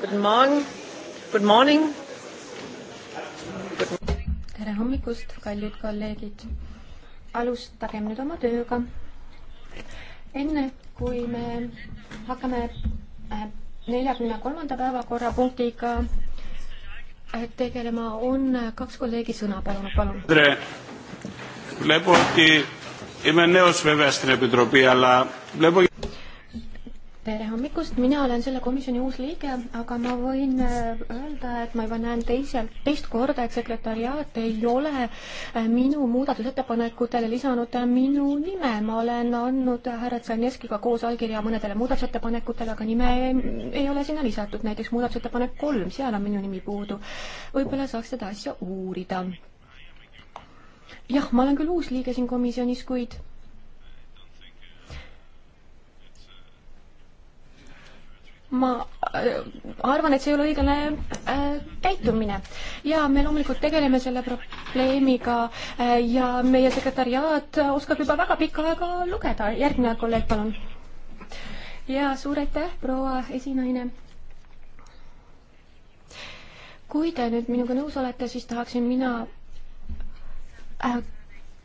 Guten Morgen. Good morning. tere hommikust, kallid kolleegid. alustagem nüüd oma tööga. enne kui me hakkame äh, neljakümne kolmanda päevakorrapunktiga äh, tegelema, on kaks kolleegi sõna palunud, palun. tere. Βλέπω ότι είμαι νέος βέβαια στην Επιτροπή, αλλά βλέπω algust, mina olen selle komisjoni uus liige, aga ma võin äh, öelda, et ma juba näen teiselt, teist korda, et sekretäriaat ei ole äh, minu muudatusettepanekutele lisanud minu nime. ma olen andnud härra Tsaneskiga koos allkirja mõnedele muudatusettepanekutele, aga nime ei ole sinna lisatud, näiteks muudatusettepanek kolm, seal on minu nimi puudu. võib-olla saaks seda asja uurida. jah, ma olen küll uus liige siin komisjonis, kuid ma äh, arvan, et see ei ole õiglane äh, käitumine. ja me loomulikult tegeleme selle probleemiga äh, ja meie sekretäriaat oskab juba väga pikka aega lugeda. järgmine kolleeg, palun. ja suur aitäh, proua esinaine. kui te nüüd minuga nõus olete, siis tahaksin mina äh,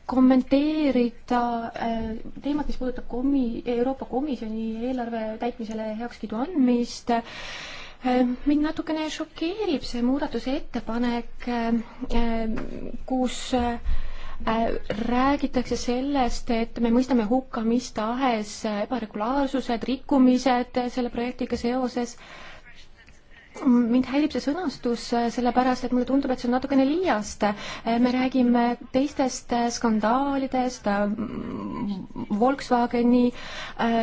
kommenteerida äh, teemat, mis puudutab komi-, Euroopa Komisjoni eelarve täitmisele heakskiidu andmist. Äh, mind natukene šokeerib see muudatuse ettepanek, äh, kus räägitakse sellest, et me mõistame hukka mis tahes ebaregulaarsused, rikkumised selle projektiga seoses mind häirib see sõnastus, äh, sellepärast et mulle tundub, et see on natukene liiast. Äh, me räägime teistest äh, skandaalidest, Volkswageni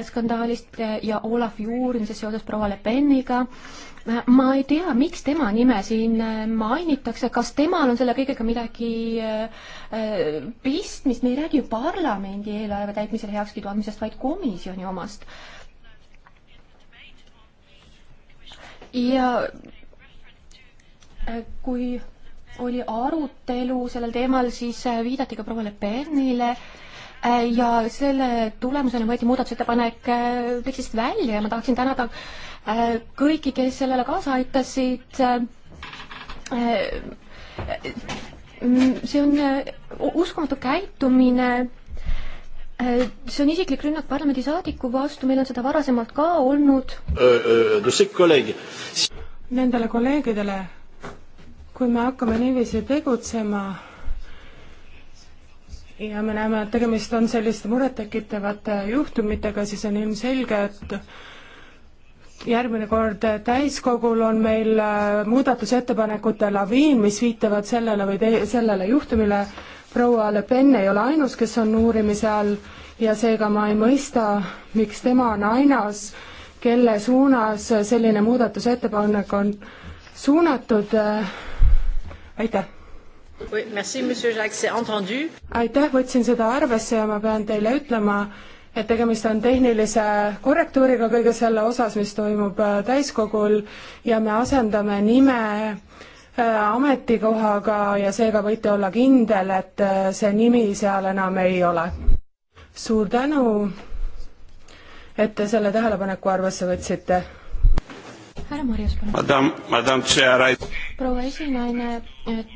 skandaalist ja Olav Juurimisest seoses proua Le Peniga ma ei tea, miks tema nime siin mainitakse, kas temal on selle kõigega midagi pistmist, me ei räägi ju parlamendi eelarve täitmisel heakskiidu andmisest, vaid komisjoni omast ja äh, kui oli arutelu sellel teemal, siis äh, viidati ka proua Le Penile äh, ja selle tulemusena võeti muudatusettepanek tekstist välja ja ma tahaksin tänada kõiki, kes sellele kaasa aitasid. Mm, see on uskumatu käitumine Äh, see on isiklik rünnak parlamendisaadiku vastu, meil on seda varasemalt ka olnud. Äh, äh, Nendele kolleegidele, kui me hakkame niiviisi tegutsema ja me näeme, et tegemist on selliste murettekitavate juhtumitega, siis on ilmselge, et järgmine kord täiskogul on meil muudatusettepanekute laviin, mis viitavad sellele või te-, sellele juhtumile, proua Le Pen ei ole ainus, kes on uurimise all ja seega ma ei mõista, miks tema on ainus, kelle suunas selline muudatusettepanek on suunatud. aitäh! aitäh, võtsin seda arvesse ja ma pean teile ütlema, et tegemist on tehnilise korrektuuriga kõige selle osas, mis toimub äh, täiskogul ja me asendame nime äh, Äh, ametikohaga ja seega võite olla kindel, et äh, see nimi seal enam ei ole. suur tänu, et te selle tähelepaneku arvesse võtsite. härra Marjus, palun. proua esinaine,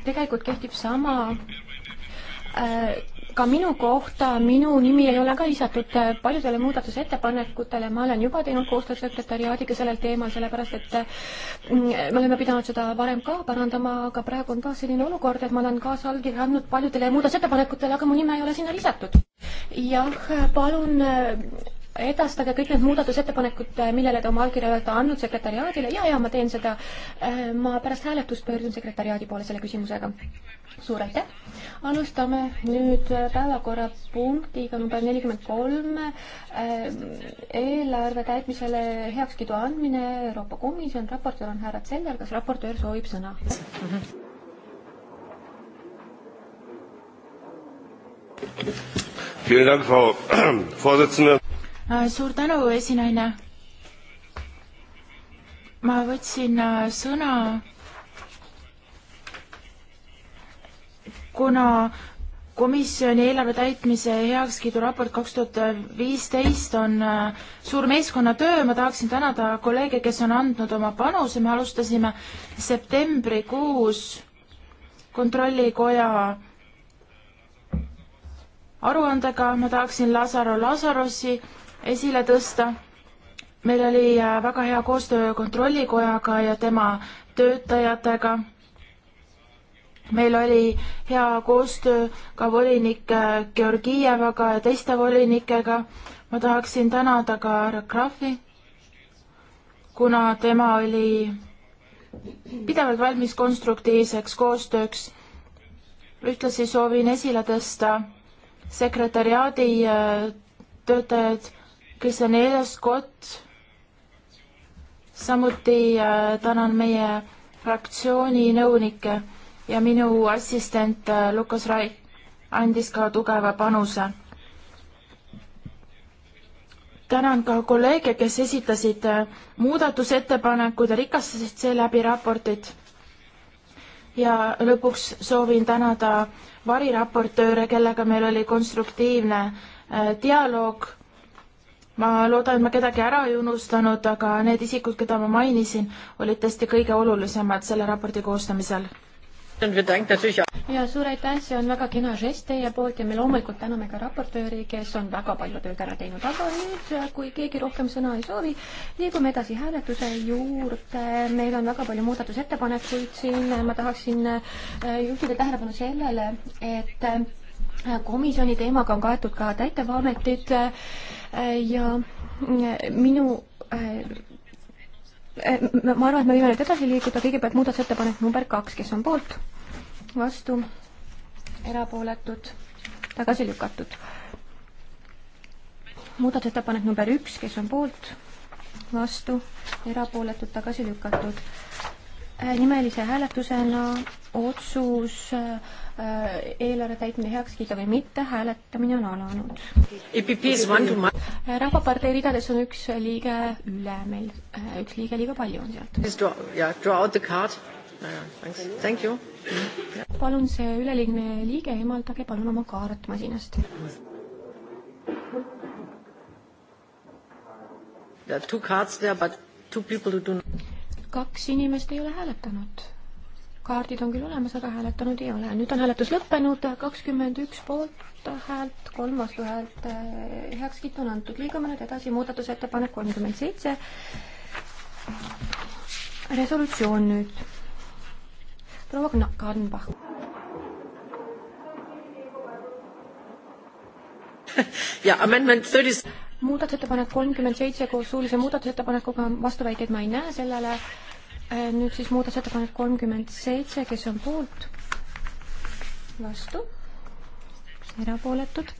tegelikult kehtib sama äh, ka minu kohta, minu nimi ei ole ka lisatud äh, paljudele muudatusettepanekutele, ma olen juba teinud koostööd sekretäriaadiga sellel teemal, sellepärast et mm, me oleme pidanud seda varem ka parandama, aga praegu on ka selline olukord, et ma olen kaasallkirja andnud paljudele muudatusettepanekutele, aga mu nime ei ole sinna lisatud. jah, palun äh, edastage kõik need muudatusettepanekud, äh, millele te oma allkirja olete andnud sekretäriaadile ja, ja ma teen seda. ma pärast hääletust pöördun sekretäriaadi poole selle küsimusega. suur aitäh! alustame nüüd päevakorrapunktiga number nelikümmend kolm, äh, eelarve täitmisele heakskiidu andmine Euroopa Komisjon, raportöör on härra Zeller, kas raportöör soovib sõna mm? -hmm. suur tänu, esinaine. ma võtsin äh, sõna kuna komisjoni eelarve täitmise heakskiidu raport kaks tuhat viisteist on äh, suur meeskonnatöö, ma tahaksin tänada kolleege, kes on andnud oma panuse, me alustasime septembrikuus kontrollikoja aruandega, ma tahaksin Lazaro Lazarosi esile tõsta. meil oli äh, väga hea koostöö kontrollikojaga ja tema töötajatega meil oli hea koostöö ka volinik Georgievaga ja teiste volinikega. ma tahaksin tänada ka härra Krahvi, kuna tema oli pidevalt valmis konstruktiivseks koostööks. ühtlasi soovin esile tõsta sekretäriaadi äh, töötajad Kristjan Eeles-Kott, samuti äh, tänan meie fraktsiooni nõunikke ja minu assistent äh, Lukas Raik andis ka tugeva panuse. tänan ka kolleege, kes esitasid äh, muudatusettepanekud ja rikastasid seeläbi raportit. ja lõpuks soovin tänada variraportööre, kellega meil oli konstruktiivne äh, dialoog ma loodan, et ma kedagi ära ei unustanud, aga need isikud, keda ma mainisin, olid tõesti kõige olulisemad selle raporti koostamisel ja suur aitäh, see on väga kena žest teie poolt ja me loomulikult täname ka raportööri, kes on väga palju tööd ära teinud, aga nüüd, kui keegi rohkem sõna ei soovi, liigume edasi hääletuse juurde. meil on väga palju muudatusettepanekuid siin, ma tahaksin äh, juhtida tähelepanu sellele, et äh, komisjoni teemaga on kaetud ka täitevametid äh, ja minu Äh, ma arvan, et me võime nüüd edasi liikuda, kõigepealt muudatusettepanek number kaks, kes on poolt, vastu, erapooletud, tagasi lükatud. muudatusettepanek number üks, kes on poolt, vastu, erapooletud, tagasi lükatud. Äh, nimelise hääletusena otsus äh, eelarve täitmine heaks kiita või mitte, hääletamine on alanud. E äh, rahvapartei ridades on üks liige üle meil, üks liige liiga palju on sealt. palun see üleliigne liige eemaldage palun oma kaart masinast. There are two cards there, but two people who do not kaks inimest ei ole hääletanud. kaardid on küll olemas, aga hääletanud ei ole. nüüd on hääletus lõppenud, kakskümmend üks poolthäält, kolm vastuhäält, eh, heakskiit on antud. liigume nüüd edasi, muudatusettepanek kolmkümmend seitse. resolutsioon nüüd. proua Kahnbach. ja amendment thirty 30 muudatusettepanek kolmkümmend seitse koos suulise muudatusettepanekuga, vastuväiteid ma ei näe sellele. Äh, nüüd siis muudatusettepanek kolmkümmend seitse, kes on poolt? vastu? erapooletud?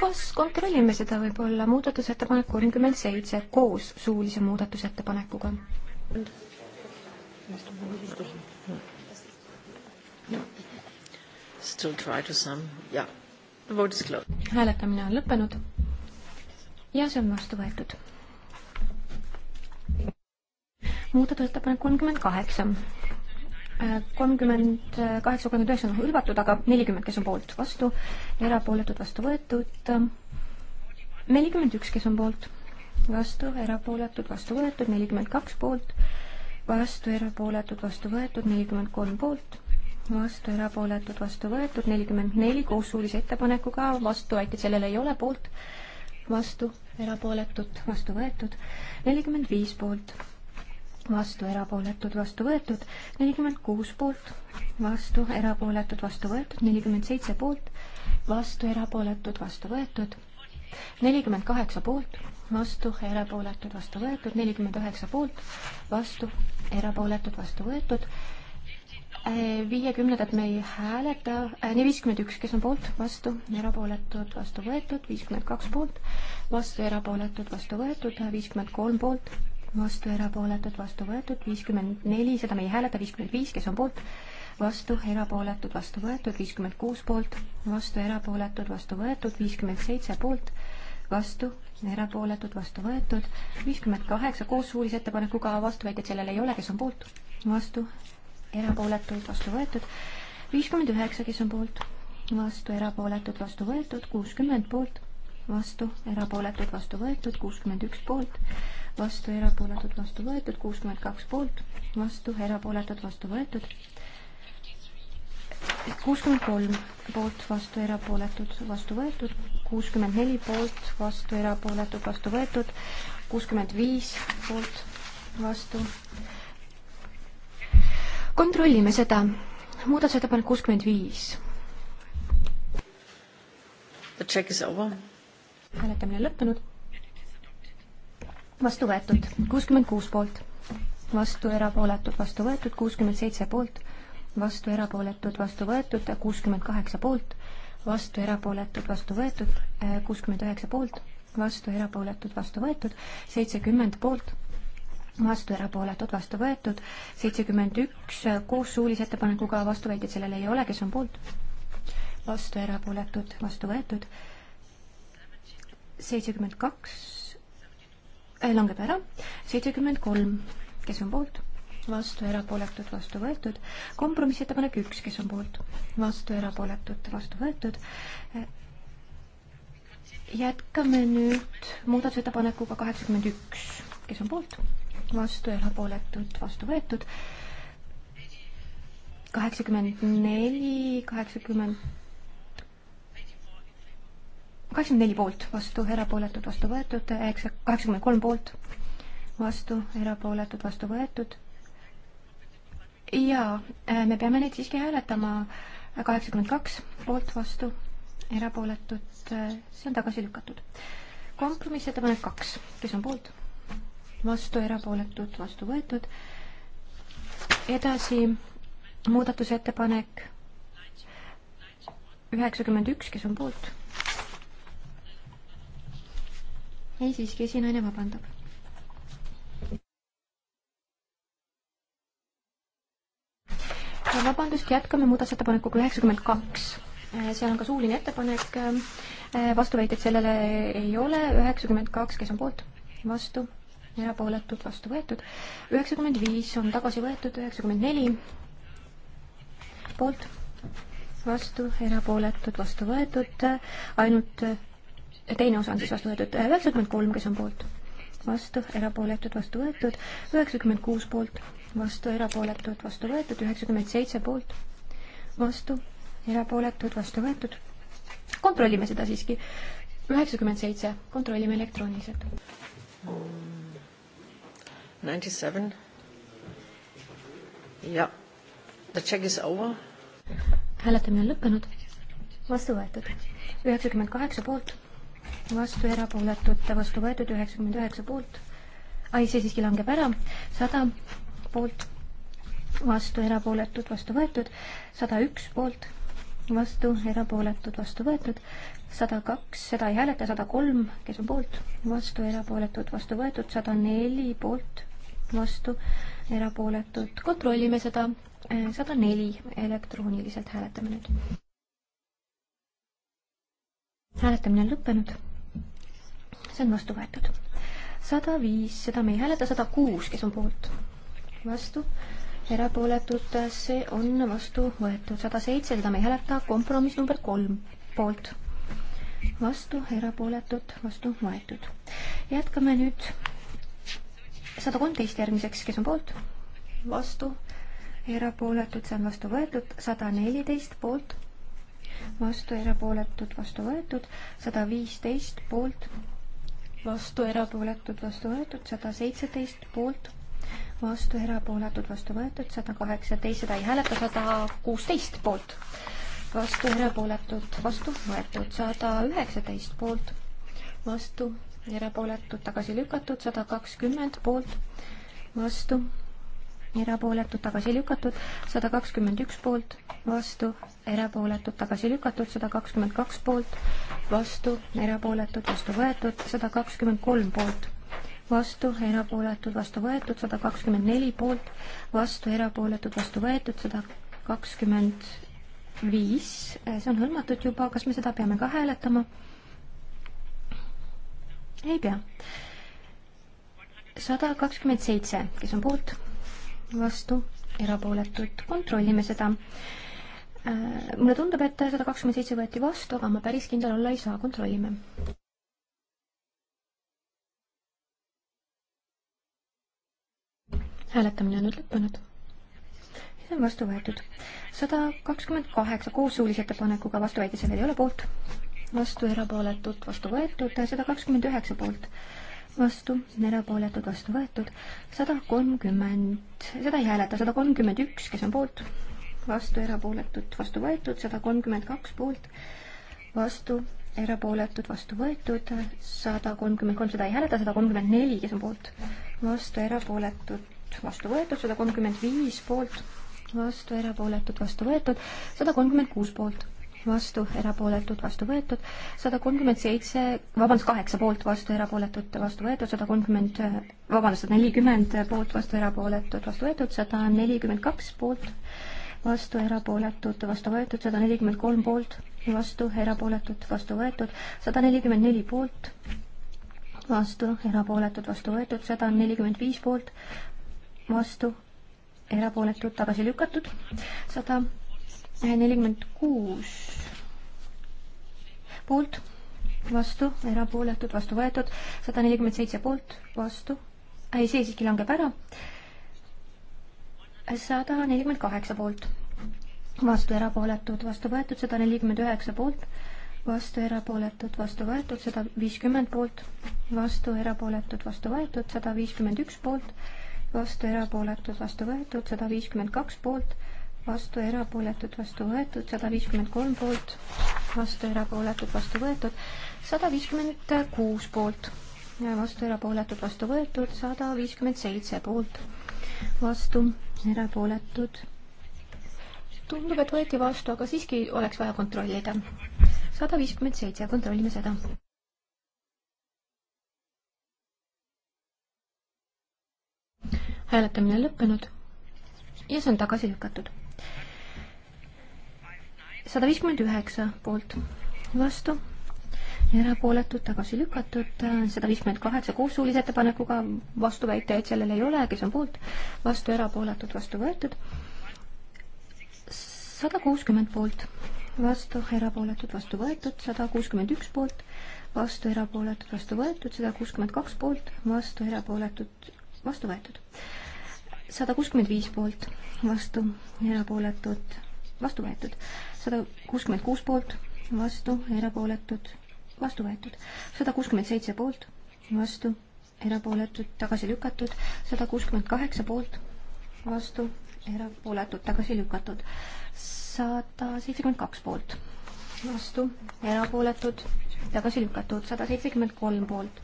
kas kontrollime seda võib-olla, muudatusettepanek kolmkümmend seitse koos suulise muudatusettepanekuga? Still try to some, yeah. The vote is closed. hääletamine on lõppenud ja see on vastu võetud. muudatusettepanek kolmkümmend kaheksa. Äh, kolmkümmend kaheksa, kolmkümmend üheksa on hõlmatud, aga nelikümmend, kes on poolt, vastu, erapooletud, vastu võetud. nelikümmend üks, kes on poolt, vastu, erapooletud, vastu võetud, nelikümmend kaks poolt, vastu, erapooletud, vastu võetud, nelikümmend kolm poolt vastu, erapooletud, vastu võetud, nelikümmend neli koos suulise ettepanekuga, vastuväiteid sellele ei ole, poolt, vastu, erapooletut, vastu võetud, nelikümmend viis poolt, vastu erapooletud, vastu võetud, nelikümmend kuus poolt, vastu erapooletud, vastu võetud, nelikümmend seitse poolt, vastu erapooletud, vastu võetud, nelikümmend kaheksa poolt, vastu erapooletud, vastu võetud, nelikümmend üheksa poolt, vastu erapooletud, vastu võetud, viiekümnendat me ei hääleta, äh, nii viiskümmend üks, kes on poolt, vastu, erapooletud, vastu võetud, viiskümmend kaks poolt, vastu, erapooletud, vastu võetud, viiskümmend kolm poolt, vastu, erapooletud, vastu võetud, viiskümmend neli, seda me ei hääleta, viiskümmend viis, kes on poolt, vastu, erapooletud, vastu võetud, viiskümmend kuus poolt, vastu, erapooletud, vastu võetud, viiskümmend seitse poolt, vastu, erapooletud, vastu võetud, viiskümmend kaheksa koos suulise ettepanekuga, vastuväiteid sellele ei ole, kes on poolt, vastu, erapooletuid, vastu võetud. viiskümmend üheksa, kes on poolt, vastu, erapooletud, vastu võetud, kuuskümmend poolt, vastu, erapooletud, vastu võetud, kuuskümmend üks poolt, vastu, erapooletud, vastu võetud, kuuskümmend kaks poolt, vastu, erapooletud, vastu võetud, kuuskümmend kolm poolt, vastu, erapooletud, vastu võetud, kuuskümmend neli poolt, vastu, erapooletud, vastu võetud, kuuskümmend viis poolt, vastu, kontrollime seda. muudatusettepanek kuuskümmend viis. The check is over. hääletamine lõppenud. vastu võetud kuuskümmend kuus poolt, vastu erapooletud, vastu võetud kuuskümmend seitse poolt, vastu erapooletud, vastu võetud kuuskümmend kaheksa poolt, vastu erapooletud, vastu võetud kuuskümmend üheksa poolt, vastu erapooletud, vastu võetud seitsekümmend poolt vastu, erapooletud, vastu võetud, seitsekümmend üks koos suulise ettepanekuga, vastuväiteid sellele ei ole, kes on poolt? vastu, erapooletud, vastu võetud, seitsekümmend kaks äh, langeb ära, seitsekümmend kolm, kes on poolt? vastu, erapooletud, vastu võetud, kompromissettepanek üks, kes on poolt? vastu, erapooletud, vastu võetud, jätkame nüüd muudatusettepanekuga kaheksakümmend üks, kes on poolt? vastu ja erapooletud vastu võetud. kaheksakümmend neli, kaheksakümmend, kaheksakümmend neli poolt vastu, erapooletud vastu võetud, üheksa, kaheksakümmend kolm poolt vastu, erapooletud vastu võetud. ja äh, me peame neid siiski hääletama kaheksakümmend kaks poolt vastu, erapooletud, äh, see on tagasi lükatud. kompromissettepanek kaks, kes on poolt? vastu, erapooletud, vastu võetud. edasi muudatusettepanek üheksakümmend üks, kes on poolt? ei, siiski esinaine vabandab. vabandust, jätkame muudatusettepanekuga üheksakümmend kaks. Äh, seal on ka suuline ettepanek, äh, vastuväiteid sellele ei ole, üheksakümmend kaks, kes on poolt? vastu, erapooletud, vastu võetud. üheksakümmend viis on tagasi võetud, üheksakümmend neli poolt, vastu, erapooletud, vastu võetud, ainult äh, teine osa on siis vastu võetud, äh, üheksakümmend kolm, kes on poolt, vastu, erapooletud, vastu võetud, üheksakümmend kuus poolt, vastu, erapooletud, vastu võetud, üheksakümmend seitse poolt, vastu, erapooletud, vastu võetud. kontrollime seda siiski. üheksakümmend seitse, kontrollime elektrooniliselt. 97. Hmm. Yeah. The check is over. hääletamine on lõppenud. vastu võetud üheksakümmend kaheksa poolt, vastu erapooletud, vastu võetud üheksakümmend üheksa poolt. ai, see siiski langeb ära, sada poolt, vastu erapooletud, vastu võetud, sada üks poolt vastu, erapooletud, vastu võetud, sada kaks, seda ei hääleta, sada kolm, kes on poolt, vastu, erapooletud, vastu võetud, sada neli poolt, vastu, erapooletud, kontrollime seda, eh, sada neli, elektrooniliselt hääletame nüüd. hääletamine on lõppenud, see on vastu võetud. sada viis, seda me ei hääleta, sada kuus, kes on poolt, vastu erapooletud, see on vastu võetud. sada seitse, seda me ei hääleta, kompromiss number kolm poolt, vastu, erapooletud, vastu võetud. jätkame nüüd sada kolmteist järgmiseks, kes on poolt, vastu, erapooletud, see on vastu võetud, sada neliteist poolt, vastu, erapooletud, vastu võetud, sada viisteist poolt, vastu, erapooletud, vastu võetud, sada seitseteist poolt vastu, erapooletud, vastu võetud, sada kaheksateist, seda ei hääleta, sada kuusteist poolt. vastu, erapooletud, vastu võetud, sada üheksateist poolt, vastu, erapooletud, tagasi lükatud, sada kakskümmend poolt, vastu, erapooletud, tagasi lükatud, sada kakskümmend üks poolt, vastu, erapooletud, tagasi lükatud, sada kakskümmend kaks poolt, vastu, erapooletud, vastu võetud, sada kakskümmend kolm poolt vastu, erapooletud, vastu võetud, sada kakskümmend neli poolt, vastu, erapooletud, vastu võetud, sada kakskümmend viis, see on hõlmatud juba, kas me seda peame ka hääletama? ei pea. sada kakskümmend seitse, kes on poolt, vastu, erapooletud, kontrollime seda. Äh, mulle tundub, et sada kakskümmend seitse võeti vastu, aga ma päris kindel olla ei saa, kontrollime. hääletamine on nüüd lõppenud. see on vastu võetud. sada kakskümmend kaheksa koos suulise ettepanekuga vastuväidisel ei ole poolt, vastu erapooletud, vastu võetud, sada kakskümmend üheksa poolt vastu, erapooletud vastu võetud, sada kolmkümmend, seda ei hääleta, sada kolmkümmend üks, kes on poolt, vastu erapooletud, vastu võetud, sada kolmkümmend kaks poolt, vastu erapooletud, vastu võetud, sada kolmkümmend kolm, seda ei hääleta, sada kolmkümmend neli, kes on poolt, vastu erapooletud, poolt, vastu võetud, sada kolmkümmend viis poolt, vastu erapooletud, vastu võetud, sada kolmkümmend kuus poolt, vastu erapooletud, vastu võetud, sada kolmkümmend seitse, vabandust, kaheksa poolt, vastu erapooletud, vastu võetud, sada kolmkümmend, vabandust, sada nelikümmend poolt, vastu erapooletud, vastu võetud, sada nelikümmend kaks poolt, vastu erapooletud, vastu võetud, sada nelikümmend kolm poolt, vastu erapooletud, vastu võetud, sada nelikümmend neli poolt, vastu, erapooletud vastu võetud, sada on nelikümmend viis poolt, vastu, erapooletud, tagasi lükatud, sada nelikümmend kuus poolt, vastu, erapooletud, vastu võetud, sada nelikümmend seitse poolt, vastu, ei, see siiski langeb ära, sada nelikümmend kaheksa poolt, vastu erapooletud, vastu võetud, sada nelikümmend üheksa poolt, vastu erapooletud, vastu võetud, sada viiskümmend poolt, vastu erapooletud, vastu võetud, sada viiskümmend üks poolt, vastu erapooletud, vastu võetud, sada viiskümmend kaks poolt, vastu erapooletud, vastu võetud, sada viiskümmend kolm poolt, vastu erapooletud, vastu võetud, sada viiskümmend kuus poolt, vastu erapooletud, vastu võetud, sada viiskümmend seitse poolt, vastu erapooletud. tundub, et võeti vastu, aga siiski oleks vaja kontrollida. sada viiskümmend seitse, kontrollime seda. hääletamine lõppenud ja see on tagasi lükatud. sada viiskümmend üheksa poolt, vastu, erapooletud, tagasi lükatud, sada viiskümmend kaheksa koos suulise ettepanekuga, vastuväitajaid sellel ei ole, kes on poolt, vastu erapooletud, vastu võetud, sada kuuskümmend poolt, vastu erapooletud, vastu võetud, sada kuuskümmend üks poolt, vastu erapooletud, vastu võetud, sada kuuskümmend kaks poolt, vastu erapooletud, vastu võetud. sada kuuskümmend viis poolt, vastu, erapooletud, vastu võetud. sada kuuskümmend kuus poolt, vastu, erapooletud, vastu võetud. sada kuuskümmend seitse poolt, vastu, erapooletud, tagasi lükatud. sada kuuskümmend kaheksa poolt, vastu, erapooletud, tagasi lükatud. sada seitsekümmend kaks poolt, vastu, erapooletud, tagasi lükatud. sada seitsekümmend kolm poolt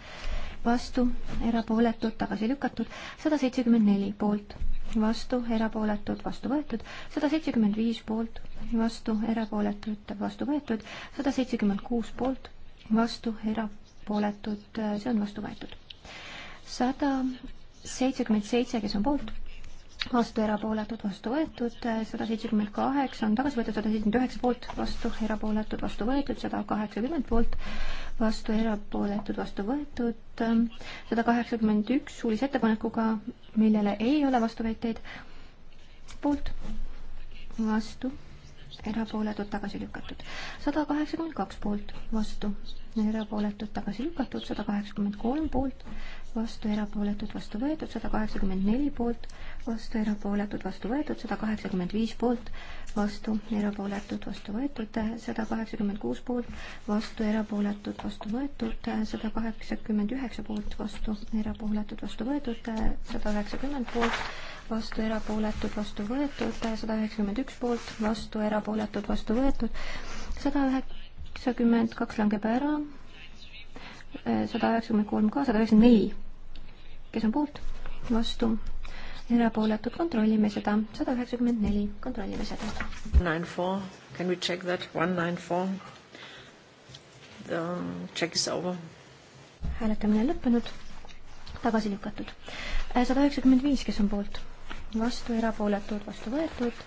vastu, erapooletud, tagasi lükatud, sada seitsekümmend neli poolt, vastu, erapooletud, vastu võetud, sada seitsekümmend viis poolt, vastu, erapooletud, vastu võetud, sada seitsekümmend kuus poolt, vastu, erapooletud, see on vastu võetud. sada seitsekümmend seitse, kes on poolt vastu erapooletud, vastu võetud, sada seitsekümmend kaheksa on tagasi võetud, sada seitsekümmend üheksa poolt, vastu erapooletud, vastu võetud, sada kaheksakümmend poolt, vastu erapooletud, vastu võetud, sada kaheksakümmend üks suulise ettepanekuga, millele ei ole vastuväiteid, poolt, vastu, erapooletud, tagasi lükatud, sada kaheksakümmend kaks poolt, vastu, erapooletud, tagasi lükatud, sada kaheksakümmend kolm poolt, vastu erapooletud, vastu võetud, sada kaheksakümmend neli poolt, vastu, erapooletud, vastu võetud, sada kaheksakümmend viis poolt, vastu, erapooletud, vastu võetud, sada kaheksakümmend kuus poolt, vastu, erapooletud, vastu võetud, sada kaheksakümmend üheksa poolt, vastu, erapooletud, vastu võetud, sada üheksakümmend poolt, vastu, erapooletud, vastu võetud, sada üheksakümmend üks poolt, vastu, erapooletud, vastu võetud, sada üheksakümmend kaks langeb ära, sada üheksakümmend kolm ka, sada üheksakümmend neli. kes on poolt, vastu, erapooletud, kontrollime seda, sada üheksakümmend neli, kontrollime seda. Nine four, can we check that, one nine four? The check is over. hääletamine lõppenud, tagasi lükatud. Äh, sada üheksakümmend viis, kes on poolt? vastu, erapooletud, vastu võetud,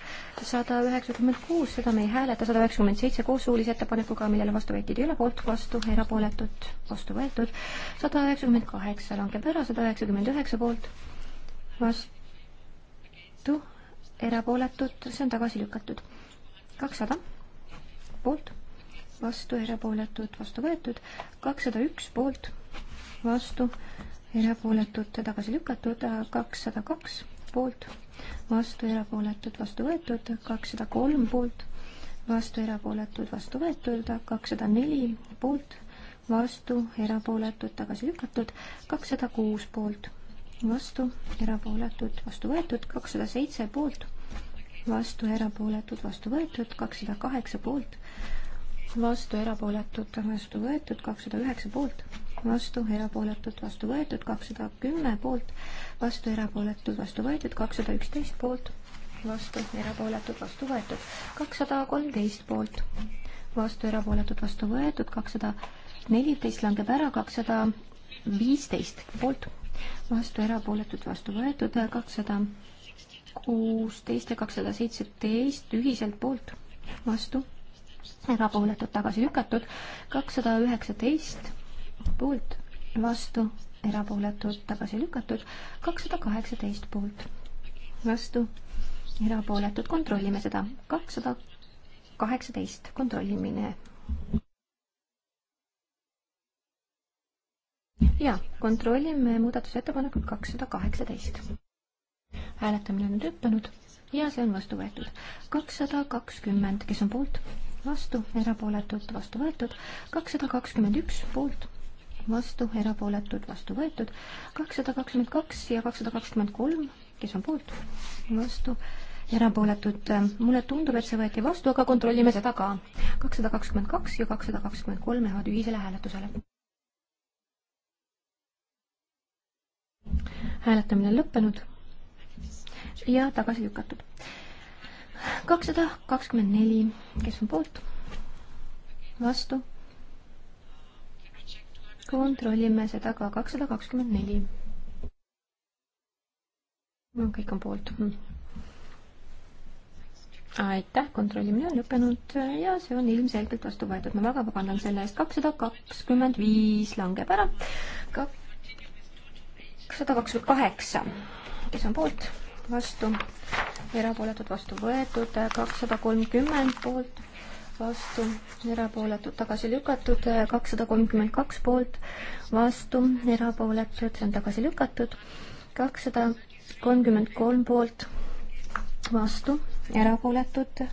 sada üheksakümmend kuus, seda me ei hääleta, sada üheksakümmend seitse koos suulise ettepanekuga, millele vastu võeti üle poolt, vastu, erapooletud, vastu võetud, sada üheksakümmend kaheksa langeb ära, sada üheksakümmend üheksa poolt, vastu, vastu, erapooletud, see on tagasi lükatud. kakssada poolt, vastu, erapooletud, vastu võetud, kakssada üks poolt, vastu, erapooletud, tagasi lükatud, kakssada kaks poolt, vastu, erapooletud, vastu võetud, kakssada kolm poolt, vastu, erapooletud, vastu võetud, kakssada neli poolt, vastu, erapooletud, tagasi lükatud, kakssada kuus poolt vastu, erapooletud, vastu võetud, kakssada seitse poolt, vastu, erapooletud, vastu võetud, kakssada kaheksa poolt, vastu, erapooletud, vastu võetud, kakssada üheksa poolt, vastu, erapooletud, vastu võetud, kakssada kümme poolt, vastu, erapooletud, vastu võetud, kakssada üksteist poolt, vastu, erapooletud, vastu võetud, kakssada kolmteist poolt, vastu, erapooletud, vastu võetud, kakssada neliteist langeb ära, kakssada viisteist poolt vastu erapooletud, vastu võetud kakssada kuusteist ja kakssada seitseteist ühiselt poolt, vastu erapooletud, tagasi lükatud kakssada üheksateist poolt, vastu erapooletud, tagasi lükatud kakssada kaheksateist poolt, vastu erapooletud, kontrollime seda kakssada kaheksateist, kontrollimine ja kontrollime muudatusettepanekut kakssada kaheksateist. hääletamine on lõppenud ja see on vastu võetud. kakssada kakskümmend, kes on poolt, vastu, erapooletud, vastu võetud. kakssada kakskümmend üks poolt, vastu, erapooletud, vastu võetud. kakssada kakskümmend kaks ja kakssada kakskümmend kolm, kes on poolt, vastu erapooletud. mulle tundub, et see võeti vastu, aga kontrollime seda ka. kakssada kakskümmend kaks ja kakssada kakskümmend kolm lähevad ühisele hääletusele. hääletamine on lõppenud ja tagasi lükatud. kakssada kakskümmend neli, kes on poolt? vastu? kontrollime seda ka, kakssada kakskümmend neli. no kõik on poolt. Hm. aitäh, kontrollimine on lõppenud ja see on ilmselgelt vastu võetud, ma väga vabandan selle eest, kakssada kakskümmend viis langeb ära, kak-, sada kakskümmend kaheksa, kes on poolt, vastu, erapooletud, vastu võetud, kakssada kolmkümmend poolt, vastu, erapooletud, tagasi lükatud, kakssada kolmkümmend kaks poolt, vastu, erapooletud, see on tagasi lükatud, kakssada kolmkümmend kolm poolt, vastu, erapooletud,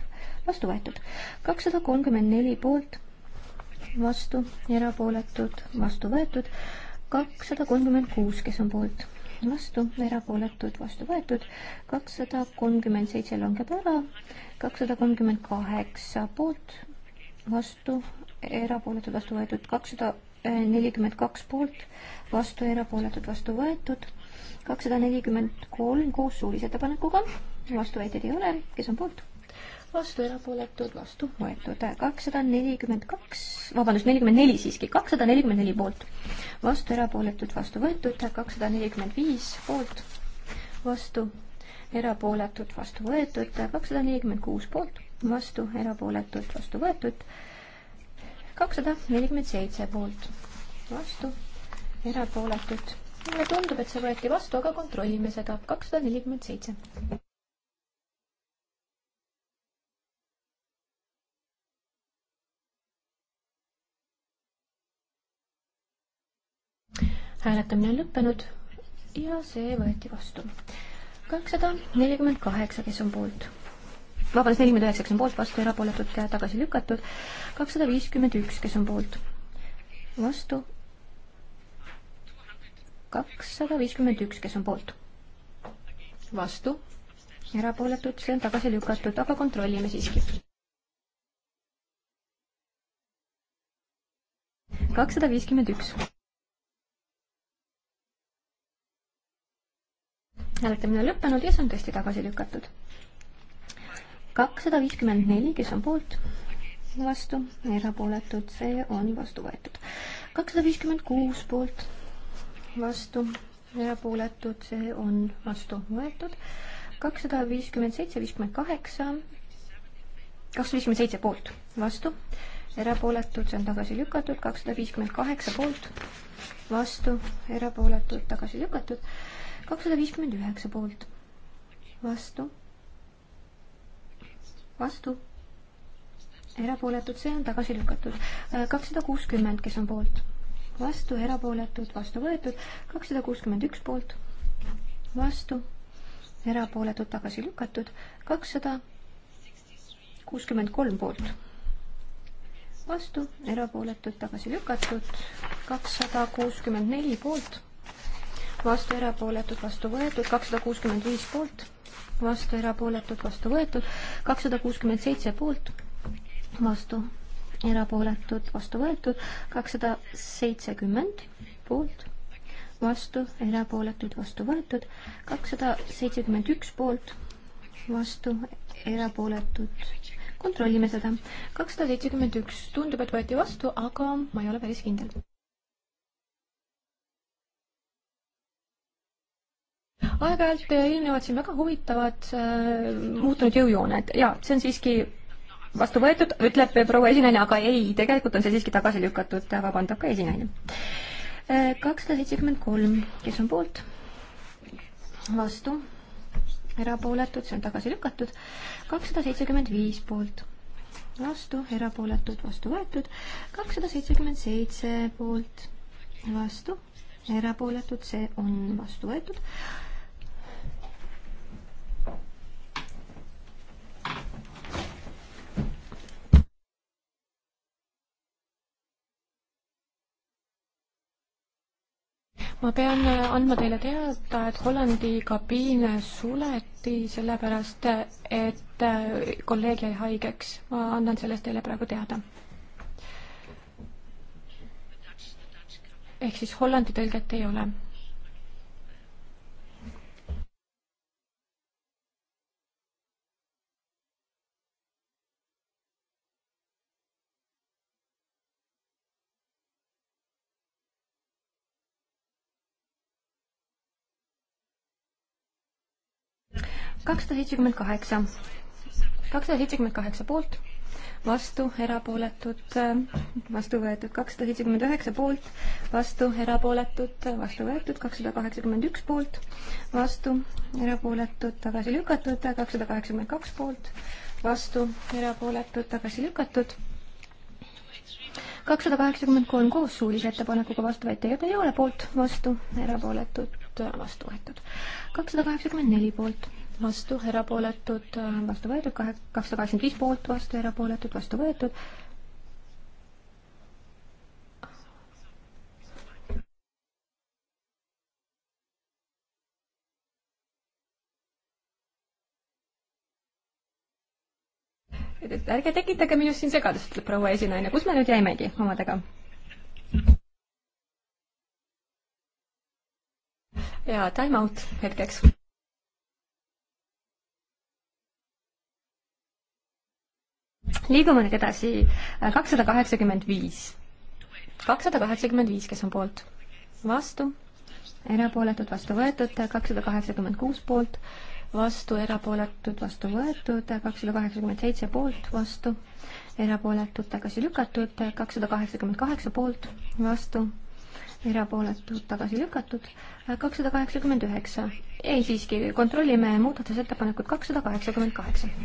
vastu võetud. kakssada kolmkümmend neli poolt, vastu, erapooletud, vastu võetud, kakssada kolmkümmend kuus, kes on poolt, vastu, erapooletud, vastu võetud, kakssada kolmkümmend seitse langeb ära, kakssada kolmkümmend kaheksa poolt, vastu, erapooletud, vastu võetud, kakssada nelikümmend kaks poolt, vastu, erapooletud, vastu võetud, kakssada nelikümmend kolm koos suulise ettepanekuga, vastuväiteid ei ole, kes on poolt vastu erapooletud, vastu võetud. kakssada nelikümmend kaks, vabandust, nelikümmend neli siiski, kakssada nelikümmend neli poolt, vastu erapooletud, vastu võetud, kakssada nelikümmend viis poolt, vastu erapooletud, vastu võetud, kakssada nelikümmend kuus poolt, vastu erapooletud, vastu võetud, kakssada nelikümmend seitse poolt, vastu erapooletud. mulle tundub, et see võeti vastu, aga kontrollime seda, kakssada nelikümmend seitse. hääletamine on lõppenud ja see võeti vastu. kakssada nelikümmend kaheksa, kes on poolt vabandust, nelikümmend üheksa, kes on poolt, vastu, erapooletud, tagasi lükatud. kakssada viiskümmend üks, kes on poolt, vastu. kakssada viiskümmend üks, kes on poolt, vastu, erapooletud, see on tagasi lükatud, aga kontrollime siiski. kakssada viiskümmend üks. hääletamine lõppenud ja see on tõesti tagasi lükatud. kakssada viiskümmend neli, kes on poolt, vastu, erapooletud, see on vastu võetud. kakssada viiskümmend kuus poolt, vastu, erapooletud, see on vastu võetud. kakssada viiskümmend seitse, viiskümmend kaheksa, kakssada viiskümmend seitse poolt, vastu, erapooletud, see on tagasi lükatud, kakssada viiskümmend kaheksa poolt, vastu, erapooletud, tagasi lükatud kakssada viiskümmend üheksa poolt, vastu, vastu, erapooletud, see on tagasi lükatud. Äh, kakssada kuuskümmend, kes on poolt, vastu, erapooletud, vastu võetud, kakssada kuuskümmend üks poolt, vastu, erapooletud, tagasi lükatud, kakssada kuuskümmend kolm poolt vastu, erapooletud tagasi lükatud, kakssada kuuskümmend neli poolt vastu erapooletud, vastu võetud, kakssada kuuskümmend viis poolt, vastu erapooletud, vastu võetud, kakssada kuuskümmend seitse poolt, vastu erapooletud, vastu võetud, kakssada seitsekümmend poolt, vastu erapooletud, vastu võetud, kakssada seitsekümmend üks poolt, vastu erapooletud kontrollime seda. kakssada seitsekümmend üks, tundub, et võeti vastu, aga ma ei ole päris kindel. aeg-ajalt ilmnevad siin väga huvitavad äh, muutunud jõujooned ja see on siiski vastu võetud, ütleb proua esinaine, aga ei, tegelikult on see siiski tagasi lükatud, vabandab ka esinaine. Äh, kakssada seitsekümmend kolm, kes on poolt? vastu? erapooletud, see on tagasi lükatud. kakssada seitsekümmend viis poolt vastu, erapooletud, vastu võetud, kakssada seitsekümmend seitse poolt, vastu, erapooletud, see on vastu võetud, ma pean äh, andma teile teada, et Hollandi kabiin suleti sellepärast, et äh, kolleeg jäi haigeks. ma annan sellest teile praegu teada. ehk siis Hollandi tõlget ei ole kakssada seitsekümmend kaheksa, kakssada seitsekümmend kaheksa poolt, vastu, erapooletud, vastu võetud kakssada seitsekümmend üheksa poolt, vastu, erapooletud, vastu võetud kakssada kaheksakümmend üks poolt, vastu, erapooletud, tagasi lükatud kakssada kaheksakümmend kaks poolt, vastu, erapooletud, tagasi lükatud kakssada kaheksakümmend kolm koos suulise ettepanekuga vastuväiteid ei ole poolt, vastu, erapooletud, vastu võetud. kakssada kaheksakümmend neli poolt, vastu, erapooletud, vastu võetud, kahe, kakssada kaheksakümmend viis poolt, vastu, erapooletud, vastu võetud. ärge tekitage minust siin segadust, ütleb proua esinaine, kus me nüüd jäimegi omadega? jaa, time out hetkeks. liigume nüüd edasi, kakssada kaheksakümmend viis. kakssada kaheksakümmend viis, kes on poolt? vastu, erapooletud, vastu võetud, kakssada kaheksakümmend kuus poolt, vastu, erapooletud, vastu võetud, kakssada kaheksakümmend seitse poolt, vastu, erapooletud, tagasi lükatud, kakssada kaheksakümmend kaheksa poolt, vastu, erapooletud, tagasi lükatud, kakssada kaheksakümmend üheksa. ei, siiski, kontrollime muudatusettepanekut kakssada kaheksakümmend kaheksa.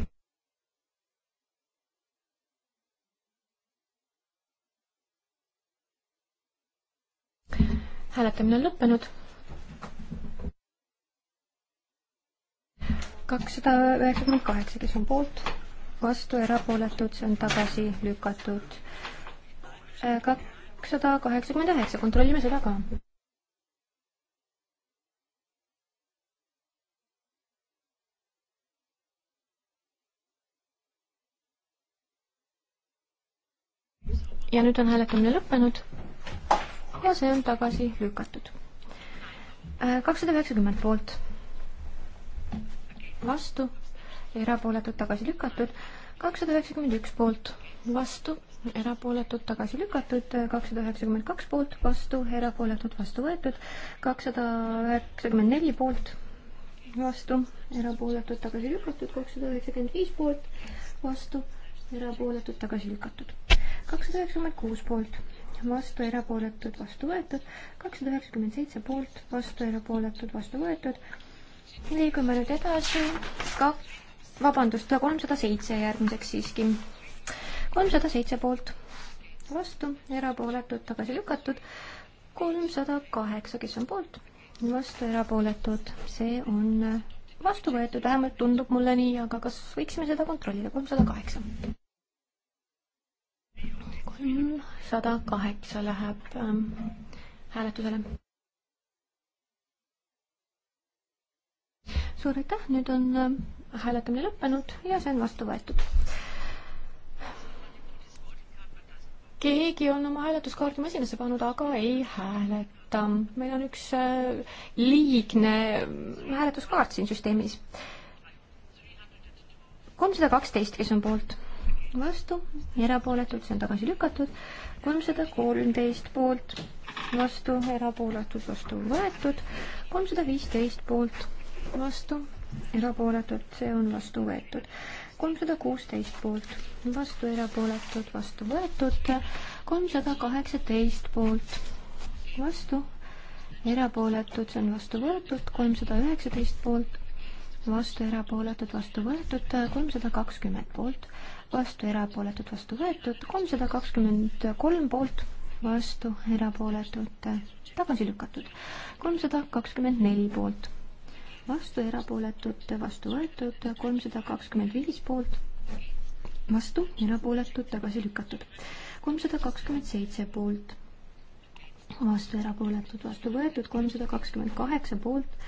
hääletamine on lõppenud. kakssada üheksakümmend kaheksa, kes on poolt, vastu, erapooletud, see on tagasi lükatud. Äh, kakssada kaheksakümmend üheksa, kontrollime seda ka. ja nüüd on hääletamine lõppenud ja see on tagasi lükatud. Äh, kakssada üheksakümmend poolt, vastu, erapooletud, tagasi lükatud, kakssada üheksakümmend üks poolt, vastu, erapooletud, tagasi lükatud, kakssada üheksakümmend kaks poolt, vastu, erapooletud, vastu võetud, kakssada üheksakümmend neli poolt, vastu, erapooletud, tagasi lükatud, kakssada üheksakümmend viis poolt, vastu, erapooletud, tagasi lükatud, kakssada üheksakümmend kuus poolt vastu, erapooletud, vastu võetud, kakssada üheksakümmend seitse poolt, vastu, erapooletud, vastu võetud. liigume nüüd edasi, ka, vabandust, kolmsada seitse järgmiseks siiski. kolmsada seitse poolt, vastu, erapooletud, tagasi lükatud, kolmsada kaheksa, kes on poolt, vastu, erapooletud, see on vastu võetud, vähemalt tundub mulle nii, aga kas võiksime seda kontrollida, kolmsada kaheksa kolm sada kaheksa läheb ähm, hääletusele. suur aitäh, nüüd on ähm, hääletamine lõppenud ja see on vastu võetud. keegi on oma hääletuskaardi masinasse pannud, aga ei hääleta. meil on üks äh, liigne ähm, hääletuskaart siin süsteemis. kolmsada kaksteist, kes on poolt vastu, erapooletud, see on tagasi lükatud, kolmsada kolmteist poolt, vastu, erapooletud, vastu võetud, kolmsada viisteist poolt, vastu, erapooletud, see on vastu võetud, kolmsada kuusteist poolt, vastu, erapooletud, vastu võetud, kolmsada kaheksateist poolt, vastu, erapooletud, see on vastu võetud, kolmsada üheksateist poolt, vastu, erapooletud, vastu võetud, kolmsada kakskümmend poolt vastu erapooletud, vastu võetud, kolmsada kakskümmend kolm poolt, vastu erapooletud, tagasi lükatud, kolmsada kakskümmend neli poolt, vastu erapooletud, vastu võetud, kolmsada kakskümmend viis poolt, vastu erapooletud, tagasi lükatud, kolmsada kakskümmend seitse poolt vastu erapooletud, vastu võetud, kolmsada kakskümmend kaheksa poolt,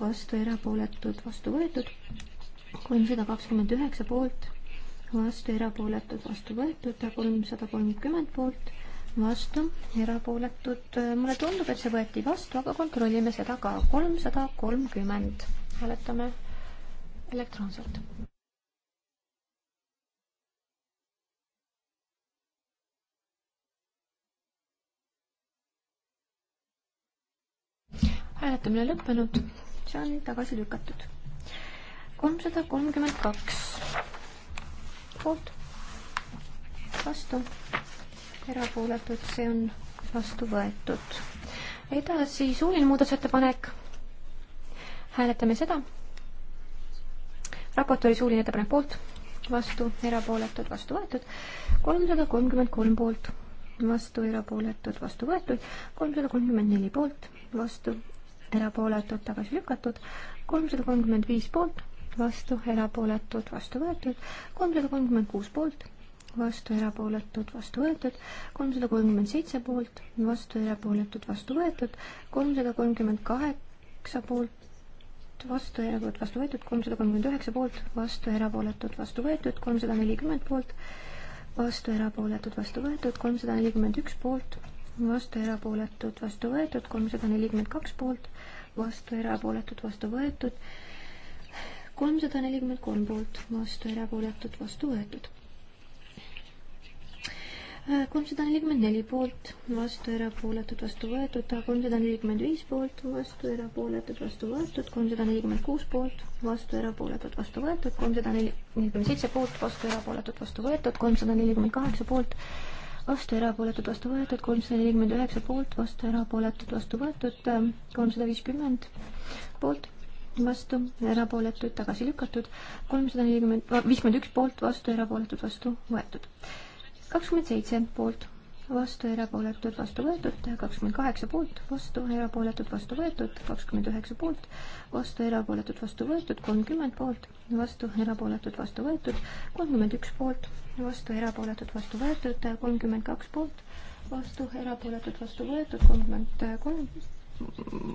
vastu erapooletud, vastu võetud, kolmsada kakskümmend üheksa poolt, vastu, erapooletud, vastu võetud, kolmsada kolmkümmend poolt, vastu, erapooletud. mulle tundub, et see võeti vastu, aga kontrollime seda ka. kolmsada kolmkümmend. hääletame elektroonselt. hääletamine lõppenud, see on tagasi lükatud. kolmsada kolmkümmend kaks poolt, vastu, erapooletud, see on vastu võetud. edasi suuline muudatusettepanek. hääletame seda. raportööri suuline ettepanek poolt, vastu, erapooletud, vastu võetud. kolmsada kolmkümmend kolm poolt, vastu, erapooletud, vastu võetud. kolmsada kolmkümmend neli poolt, vastu, erapooletud, tagasi lükatud. kolmsada kolmkümmend viis poolt vastu, erapooletud, vastu võetud, kolmsada kolmkümmend kuus poolt, vastu, erapooletud, vastu võetud, kolmsada kolmkümmend seitse poolt, vastu, erapooletud, vastu võetud, kolmsada kolmkümmend kaheksa poolt, vastu, erapooletud, vastu võetud, kolmsada kolmkümmend üheksa poolt, vastu, erapooletud, vastu võetud, kolmsada nelikümmend poolt, vastu, erapooletud, vastu võetud, kolmsada nelikümmend üks poolt, vastu, erapooletud, vastu võetud, kolmsada nelikümmend kaks poolt, vastu, erapooletud, vastu võetud, kolmsada nelikümmend kolm poolt, vastu erapooletud, vastu võetud. kolmsada nelikümmend neli poolt, vastu erapooletud, vastu võetud, kolmsada nelikümmend viis poolt, vastu erapooletud, vastu võetud, kolmsada nelikümmend kuus poolt, vastu erapooletud, vastu võetud, kolmsada nelikümmend seitse poolt, vastu erapooletud, vastu võetud, kolmsada nelikümmend kaheksa poolt, vastu, erapooletud, vastu võetud, kolmsada nelikümmend üheksa poolt, vastu, erapooletud, vastu võetud, kolmsada viiskümmend poolt, vastu, erapooletud, tagasi lükatud, kolmsada nelikümmend, viiskümmend üks poolt, vastu, erapooletud, vastu võetud. kakskümmend seitse poolt, vastu, erapooletud, vastu võetud, kakskümmend kaheksa poolt, vastu, erapooletud, vastu võetud, kakskümmend üheksa poolt, vastu, erapooletud, vastu võetud, kolmkümmend poolt, vastu, erapooletud, vastu võetud, kolmkümmend üks poolt, vastu, erapooletud, vastu võetud, kolmkümmend kaks poolt, vastu, erapooletud, vastu võetud, kolmkümmend kolm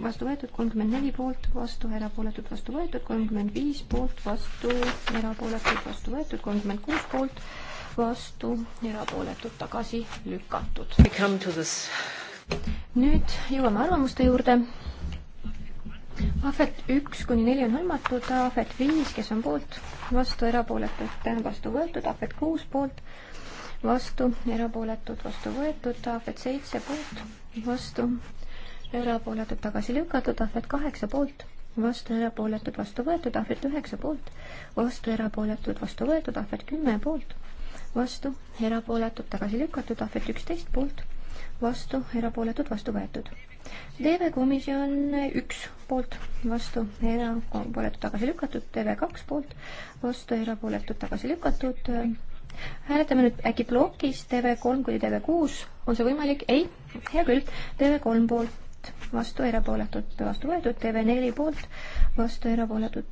vastu võetud, kolmkümmend neli poolt, vastu, erapooletud, vastu võetud, kolmkümmend viis poolt, vastu, erapooletud, vastu võetud, kolmkümmend kuus poolt, vastu, erapooletud, tagasi lükatud. nüüd jõuame arvamuste juurde. ahvet üks kuni neli on hõlmatud, ahvet viis, kes on poolt, vastu, erapooletud, vastu võetud, ahvet kuus poolt, vastu, erapooletud, vastu võetud, ahvet seitse poolt, vastu, erapooletud tagasi lükatud, ahved kaheksa poolt, vastu erapooletud, vastu võetud, ahved üheksa poolt, vastu erapooletud, vastu võetud, ahved kümme poolt, vastu erapooletud, tagasi lükatud, ahved üksteist poolt, vastu erapooletud, vastu võetud. TV Komisjon üks poolt, vastu erapooletud, tagasi lükatud, TV kaks poolt, vastu erapooletud, tagasi lükatud, hääletame nüüd äkki plokis TV3 kuni TV6, on see võimalik? ei, hea küll, TV3 poolt poolt, vastu, erapooletud, vastu võetud, TV4 poolt, vastu, erapooletud,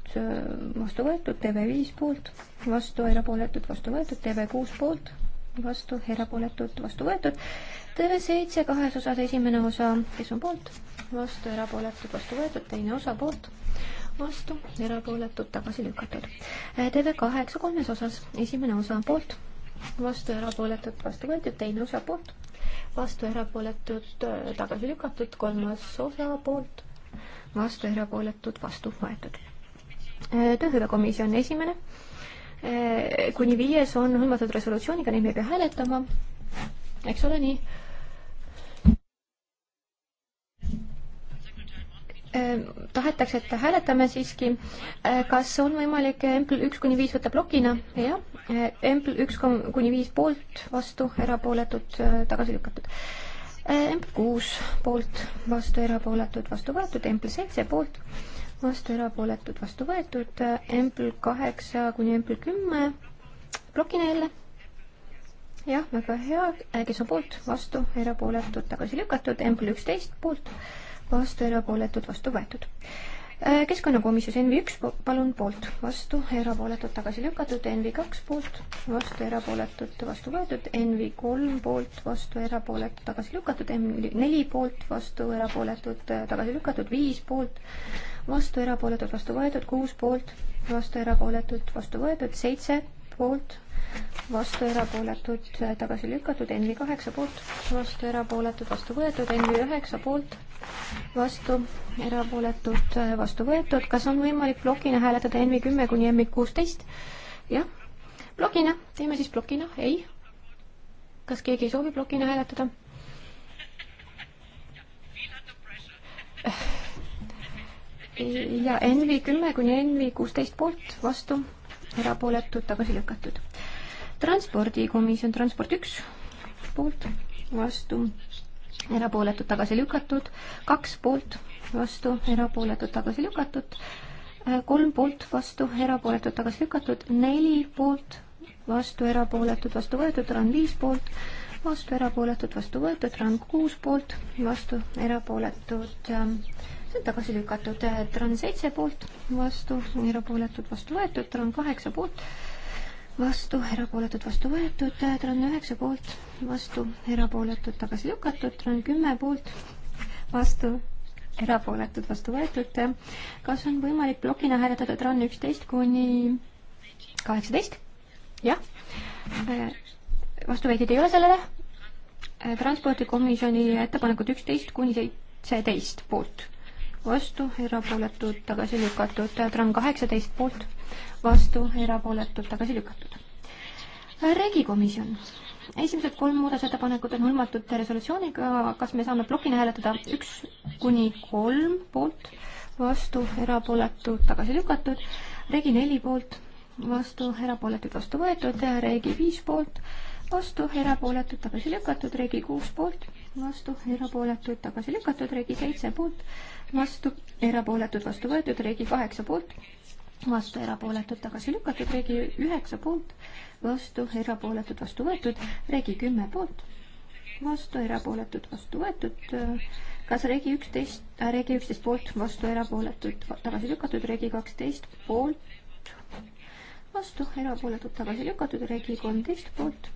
vastu võetud, TV5 poolt, vastu, erapooletud, vastu võetud, TV6 poolt, vastu, erapooletud, vastu võetud, TV7 kahes osas, esimene osa, kes on poolt, vastu, erapooletud, vastu võetud, teine osa poolt, vastu, erapooletud, tagasi lükatud. TV8 kolmes osas, esimene osa poolt, vastu, erapooletud, vastu võetud, teine osa poolt vastu erapooletud, äh, tagasi lükatud, kolmas osa poolt, vastu erapooletud, vastu võetud. Äh, tööhõivekomisjon esimene äh, kuni viies on hõlmatud resolutsiooniga, neid me ei pea hääletama, eks ole nii Äh, tahetakse, et hääletame siiski. Äh, kas on võimalik Empl üks kuni viis võtta plokina? jah, Empl äh, üks kuni viis poolt, vastu, erapooletud, tagasi lükatud. Empl kuus poolt, vastu, erapooletud, vastu võetud, Empl seitse poolt, vastu, erapooletud, vastu võetud, Empl kaheksa kuni Empl kümme, plokina jälle. jah, väga hea, kes on poolt, vastu, erapooletud, tagasi lükatud, Empl üksteist poolt vastu erapooletud, vastu võetud. Äh, keskkonnakomisjon NV üks, palun poolt, vastu erapooletud, tagasi lükatud, NV kaks poolt, vastu erapooletud, vastu võetud, NV kolm poolt, vastu erapooletud, tagasi lükatud, NV neli poolt, vastu erapooletud, tagasi lükatud, viis poolt, vastu erapooletud, vastu võetud, kuus poolt, vastu erapooletud, vastu võetud, seitse poolt, vastu erapooletud, äh, tagasi lükatud, NV kaheksa poolt, vastu erapooletud, vastu võetud, NV üheksa poolt, vastu erapooletud, äh, vastu võetud. kas on võimalik plokina hääletada NV kümme kuni NV kuusteist? jah, plokina, teeme siis plokina, ei. kas keegi ei soovi plokina hääletada? Äh. ja NV kümme kuni NV kuusteist poolt, vastu, erapooletud, tagasi lükatud transpordikomisjon, transport üks, poolt, vastu, erapooletud, tagasi lükatud, kaks poolt, vastu, erapooletud, tagasi lükatud, kolm poolt, vastu, erapooletud, tagasi lükatud, neli poolt, vastu, erapooletud, vastu võetud, RAN viis poolt, vastu, erapooletud, vastu võetud, RAN kuus poolt, vastu, erapooletud äh, see on tagasi lükatud, tran seitse poolt vastu, erapooletud vastu võetud, tran kaheksa poolt vastu, erapooletud, vastu võetud, tran üheksa poolt, vastu, erapooletud, tagasi lükatud, tran kümme poolt, vastu, erapooletud, vastu võetud. kas on võimalik plokina hääletada tran üksteist kuni kaheksateist? jah. vastuväiteid ei ole sellele. transpordikomisjoni ettepanekud üksteist kuni seitseteist poolt vastu, erapooletud, tagasi lükatud. Tran kaheksateist poolt, vastu, erapooletud, tagasi lükatud. riigikomisjon esimesed kolm muudatusettepanekut on hõlmatud resolutsiooniga, kas me saame plokina hääletada üks kuni kolm poolt, vastu, erapooletud, tagasi lükatud, regi neli poolt, vastu, erapooletud, vastu võetud, regi viis poolt, vastu, erapooletud, tagasi lükatud, regi kuus poolt, vastu, erapooletud, tagasi lükatud, regi seitse poolt, vastu, erapooletud, vastu võetud, reegi kaheksa poolt, vastu, erapooletud, tagasi lükatud, reegi üheksa poolt, vastu, erapooletud, vastu võetud, reegi kümme poolt, vastu, erapooletud, vastu võetud, kas regi üksteist, äh, regi üksteist poolt, vastu, erapooletud, tagasi lükatud, regi kaksteist poolt, vastu, erapooletud tagasi lükatud, regi kolmteist poolt,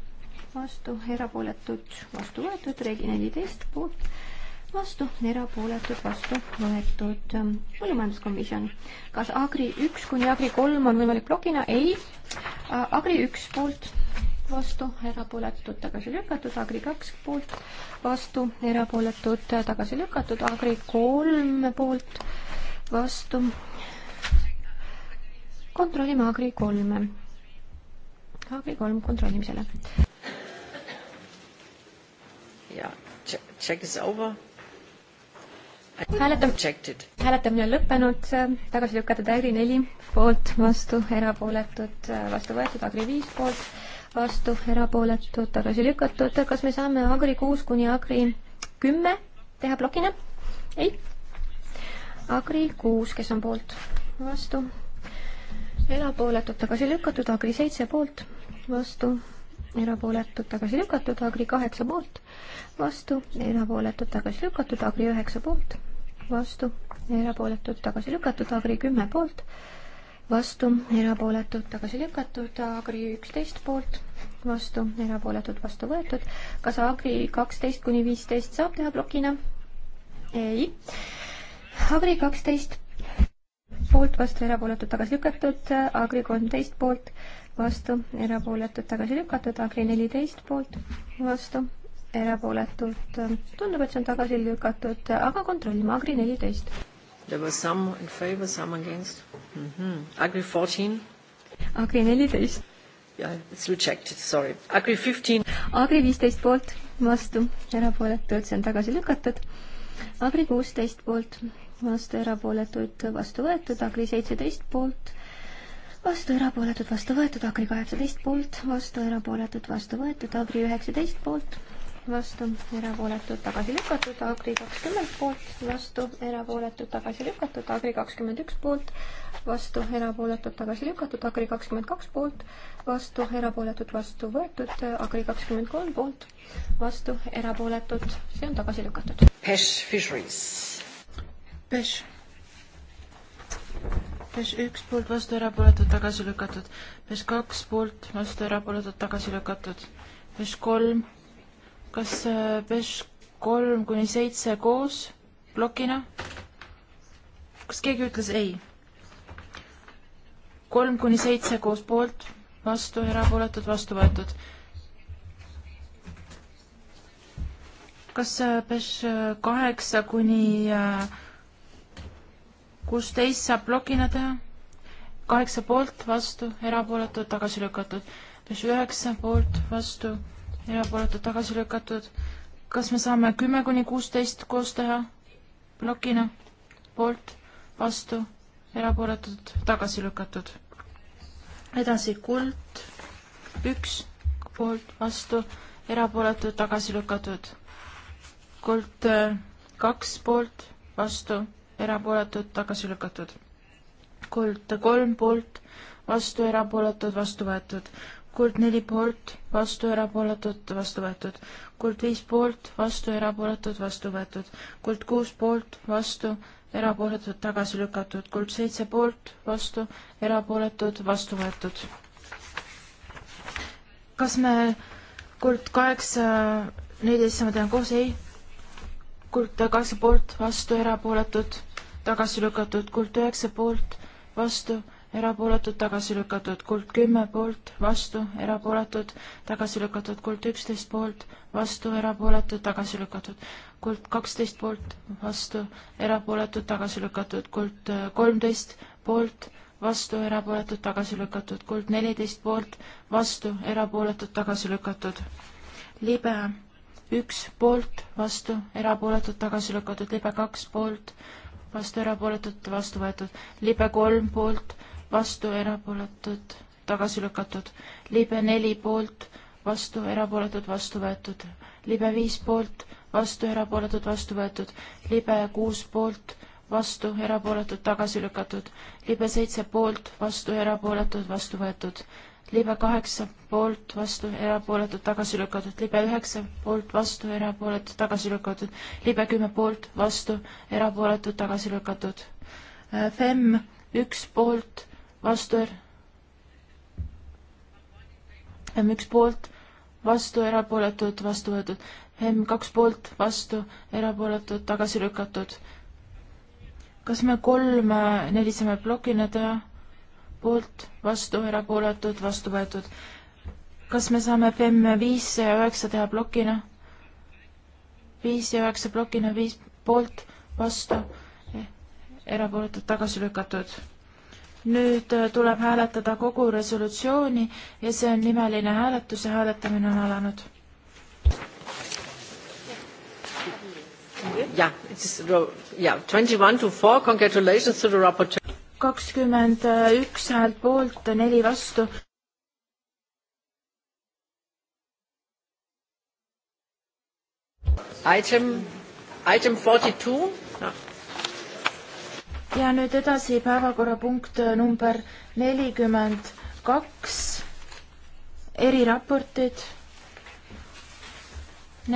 vastu, erapooletud vastu võetud, regi neliteist poolt, vastu, erapooletud, vastu võetud. Ähm, põllumajanduskomisjon, kas Agri üks kuni Agri kolm on võimalik plokina? ei. Äh, Agri üks poolt, vastu, erapooletud, tagasi lükatud, Agri kaks poolt, vastu, erapooletud, tagasi lükatud, Agri kolm poolt, vastu. kontrollime Agri kolme. Agri kolm kontrollimisele. ja check, check is over hääletamine, hääletamine on lõppenud, tagasi lükatud Agri neli poolt, vastu, erapooletud, vastu võetud, Agri viis poolt, vastu, erapooletud, tagasi lükatud. kas me saame Agri kuus kuni Agri kümme teha plokina? ei. Agri kuus, kes on poolt, vastu, erapooletud, tagasi lükatud, Agri seitse poolt, vastu erapooletud, tagasi lükatud, Agri kaheksa poolt, vastu, erapooletud, tagasi lükatud, Agri üheksa poolt, vastu, erapooletud, tagasi lükatud, Agri kümme poolt, vastu, erapooletud, tagasi lükatud, Agri üksteist poolt, vastu, erapooletud, vastu võetud. kas Agri kaksteist kuni viisteist saab teha plokina? ei. Agri kaksteist poolt, vastu, erapooletud, tagasi lükatud, Agri kolmteist poolt, vastu, erapooletud tagasi lükatud, Agri neliteist poolt, vastu, erapooletud, tundub, et see on tagasi lükatud, aga kontrollime, Agri neliteist. There was some in favor, some against mm. -hmm. Agri fourteen. Agri neliteist. Yeah, it's rejected, sorry. Agri fifteen. Agri viisteist poolt, vastu, erapooletud, see on tagasi lükatud. Agri kuusteist poolt, vastu, erapooletud, vastu võetud, Agri seitseteist poolt vastu erapooletud, vastu võetud, Agri kaheksateist poolt, vastu erapooletud, vastu võetud, Agri üheksateist poolt, vastu erapooletud, tagasi lükatud, Agri kakskümmend poolt, vastu erapooletud, tagasi lükatud, Agri kakskümmend üks poolt, vastu erapooletud, tagasi lükatud, Agri kakskümmend kaks poolt, vastu erapooletud, vastu võetud, Agri kakskümmend kolm poolt, vastu erapooletud, see on tagasi lükatud. Pesh Fisheries. Pesh PES üks poolt vastu erapooletud tagasi lükatud, PES kaks poolt vastu erapooletud tagasi lükatud, PES kolm, kas äh, PES kolm kuni seitse koos plokina? kas keegi ütles ei? kolm kuni seitse koos poolt, vastu erapooletud, vastu võetud kas äh, PES äh, kaheksa kuni äh, kuusteist saab plokina teha, kaheksa poolt, vastu, erapooletud, tagasi lükatud. üheksa poolt, vastu, erapooletud, tagasi lükatud. kas me saame kümme kuni kuusteist koos teha plokina? poolt, vastu, erapooletud, tagasi lükatud. edasi kuld, üks, poolt, vastu, erapooletud, tagasi lükatud. kuld äh, kaks poolt, vastu erapooletud, tagasi lükatud. kuld kolm poolt, vastu erapooletud, vastu võetud. kuld neli poolt, vastu erapooletud, vastu võetud. kuld viis poolt, vastu erapooletud, vastu võetud. kuld kuus poolt, vastu erapooletud, tagasi lükatud. kuld seitse poolt, vastu erapooletud, vastu võetud. kas me kuld kaheksa, neliteist, ma tean, koos ei kulda kaheksa poolt, vastu, erapooletud, tagasi lükatud, kuld üheksa poolt, vastu, erapooletud, tagasi lükatud, kuld kümme poolt, vastu, erapooletud, tagasi lükatud, kuld üksteist poolt, vastu, erapooletud, tagasi lükatud, kuld kaksteist poolt, vastu, erapooletud, tagasi lükatud, kuld kolmteist poolt, vastu, erapooletud, tagasi lükatud, kuld neliteist poolt, vastu, erapooletud, tagasi lükatud. libe üks poolt, vastu, erapooletud, tagasi lükatud, libe kaks poolt, vastu, erapooletud, vastu võetud, libe kolm poolt, vastu, erapooletud, tagasi lükatud, libe neli poolt, vastu, erapooletud, vastu võetud, libe viis poolt, vastu, erapooletud, vastu võetud, libe kuus poolt, vastu, erapooletud, tagasi lükatud, libe seitse poolt, vastu, erapooletud, vastu võetud libe kaheksa poolt, vastu, erapooletud, tagasi lükatud, libe üheksa poolt, vastu, erapooletud, tagasi lükatud, libe kümme poolt, vastu, erapooletud, tagasi lükatud. Äh, FEM üks poolt, vastu, er- FEM üks poolt, vastu, erapooletud, vastu võetud, FEM kaks poolt, vastu, erapooletud, tagasi lükatud. kas me kolm äh, nelisame plokina teha? poolt, vastu, erapooletud, vastu võetud. kas me saame FEM viis ja üheksa teha plokina? viis ja üheksa plokina, viis poolt, vastu, erapooletud, tagasi lükatud. nüüd äh, tuleb hääletada kogu resolutsiooni ja see on nimeline hääletus ja hääletamine on alanud. jah, it's, yeah, 21 to 4, congratulations to the raporteur kakskümmend üks häält poolt, neli vastu. Item, item forty two. ja nüüd edasi päevakorrapunkt number nelikümmend kaks, eriraportid.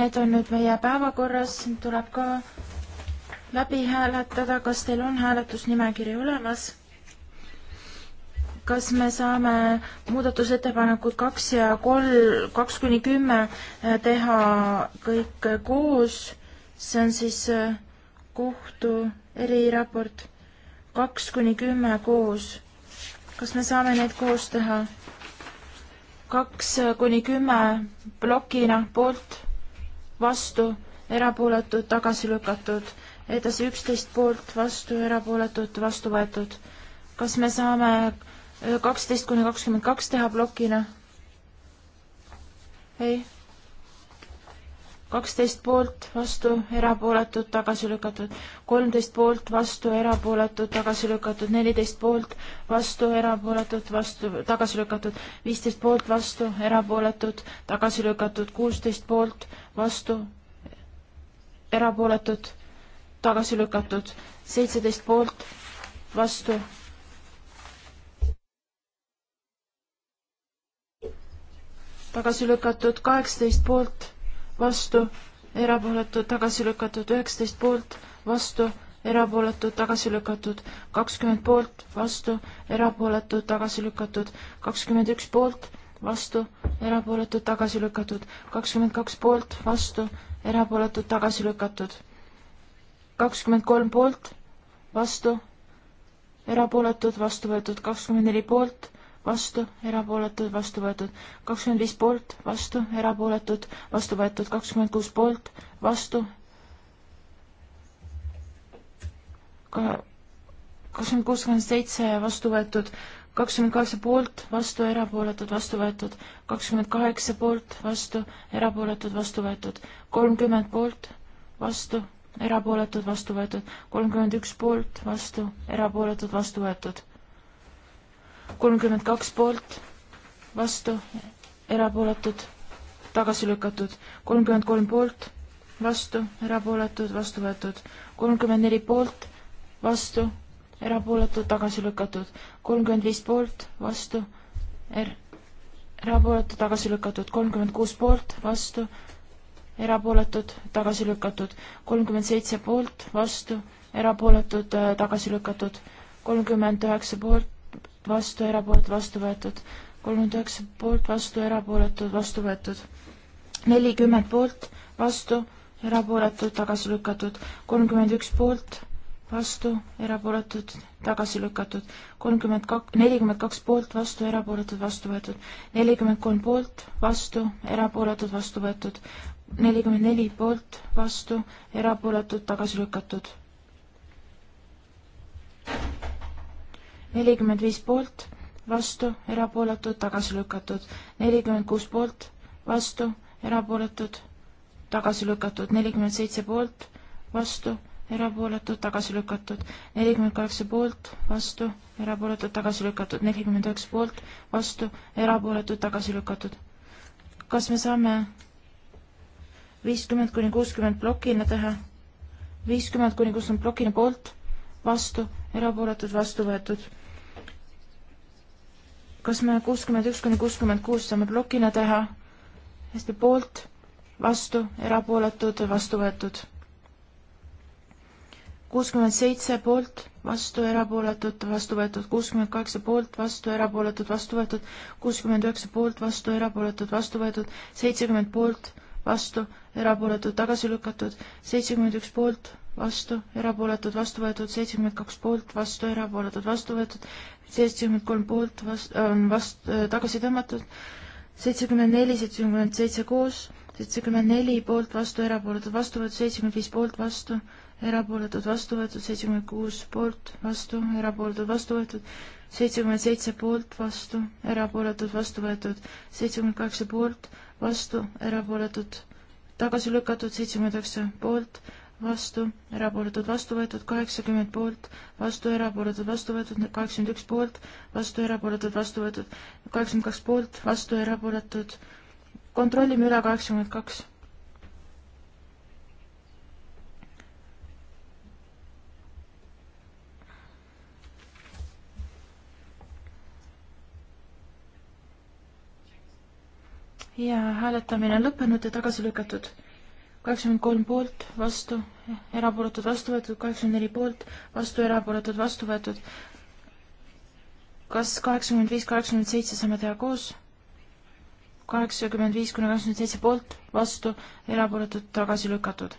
Need on nüüd meie päevakorras, tuleb ka läbi hääletada, kas teil on hääletusnimekiri olemas? kas me saame muudatusettepanekud kaks ja kolm, kaks kuni kümme äh, teha kõik koos, see on siis äh, kohtu eriraport, kaks kuni kümme koos. kas me saame need koos teha? kaks äh, kuni kümme plokina poolt, vastu, erapooletud, tagasi lükatud, edasi üksteist poolt, vastu, erapooletud, vastu võetud. kas me saame kaksteist kuni kakskümmend kaks teha plokina. ei. kaksteist poolt, vastu, erapooletud, tagasi lükatud. kolmteist poolt, vastu, erapooletud, tagasi lükatud. neliteist poolt, vastu, erapooletud, vastu, tagasi lükatud. viisteist poolt, vastu, erapooletud, tagasi lükatud. kuusteist poolt, vastu, erapooletud, tagasi lükatud. seitseteist poolt, vastu tagasi lükatud kaheksateist poolt, vastu, erapooletud, tagasi lükatud üheksateist poolt, vastu, erapooletud, tagasi lükatud kakskümmend poolt, vastu, erapooletud, tagasi lükatud kakskümmend üks poolt, vastu, erapooletud, tagasi lükatud kakskümmend kaks poolt, vastu, erapooletud, tagasi lükatud kakskümmend kolm poolt, vastu, erapooletud, vastu võetud kakskümmend neli poolt vastu, erapooletud, vastu võetud kakskümmend viis poolt, vastu, erapooletud, vastu võetud kakskümmend kuus poolt, vastu. kakskümmend kuus, kakskümmend seitse vastu võetud, kakskümmend kaheksa poolt, vastu, erapooletud, vastu võetud, kakskümmend kaheksa poolt, vastu, erapooletud, vastu võetud, kolmkümmend poolt, vastu, erapooletud, vastu võetud, kolmkümmend üks poolt, vastu, erapooletud, vastu võetud kolmkümmend kaks poolt, vastu, erapooletud, tagasi lükatud, kolmkümmend kolm poolt, vastu, erapooletud, vastu võetud, kolmkümmend neli poolt, vastu, erapooletud, tagasi lükatud, kolmkümmend viis poolt, vastu, er-, erapooletu, tagasi lükatud, kolmkümmend kuus poolt, vastu, erapooletud, tagasi lükatud, kolmkümmend seitse poolt, vastu, erapooletud, tagasi lükatud, kolmkümmend üheksa poolt, vastu, erapooletud, vastu võetud. kolmkümmend üheksa poolt, vastu, erapooletud, vastu võetud. nelikümmend poolt, vastu, erapooletud, tagasi lükatud. kolmkümmend üks poolt, vastu, erapooletud, tagasi lükatud. kolmkümmend kak-, nelikümmend kaks poolt, vastu, erapooletud, vastu võetud. nelikümmend kolm poolt, vastu, erapooletud, vastu võetud. nelikümmend neli poolt, vastu, erapooletud, tagasi lükatud nelikümmend viis poolt, vastu, erapooletud, tagasi lükatud. nelikümmend kuus poolt, vastu, erapooletud, tagasi lükatud. nelikümmend seitse poolt, vastu, erapooletud, tagasi lükatud. nelikümmend kaheksa poolt, vastu, erapooletud, tagasi lükatud. nelikümmend üheksa poolt, vastu, erapooletud, tagasi lükatud. kas me saame viiskümmend kuni kuuskümmend plokina teha? viiskümmend kuni kuuskümmend plokina poolt, vastu, erapooletud, vastu võetud kas me kuuskümmend üks kuni kuuskümmend kuus saame plokina teha? hästi, poolt, vastu, erapooletud, vastu võetud. kuuskümmend seitse poolt, vastu, erapooletud, vastu võetud, kuuskümmend kaheksa poolt, vastu, erapooletud, vastu võetud, kuuskümmend üheksa poolt, vastu, erapooletud, vastu võetud, seitsekümmend poolt, vastu, erapooletud, tagasi lükatud, seitsekümmend üks poolt, vastu, erapooletud, vastu võetud, seitsekümmend kaks poolt, vastu, erapooletud, vastu võetud, seitsekümmend kolm poolt, vastu, on vastu äh,, tagasi tõmmatud, seitsekümmend neli, seitsekümmend seitse koos, seitsekümmend neli poolt, vastu, erapooletud, vastu võetud, seitsekümmend viis poolt, vastu, erapooletud, vastu võetud, seitsekümmend kuus poolt, vastu, erapooletud, vastu võetud, seitsekümmend seitse poolt, vastu, erapooletud, vastu võetud, seitsekümmend kaheksa poolt, vastu, erapooletud, tagasi lükatud, seitsekümmend üheksa poolt, vastu, erapooletud, vastu võetud kaheksakümmend poolt, vastu erapooletud, vastu võetud kaheksakümmend üks poolt, vastu erapooletud, vastu võetud kaheksakümmend kaks poolt, vastu erapooletud. kontrollime üle kaheksakümmend kaks. ja hääletamine on lõppenud ja tagasi lükatud kaheksakümmend kolm poolt, vastu, erapooletud, vastu võetud, kaheksakümmend neli poolt, vastu, erapooletud, vastu võetud. kas kaheksakümmend viis, kaheksakümmend seitse saame teha koos? kaheksakümmend viis kuni kakskümmend seitse poolt, vastu, erapooletud, tagasi lükatud.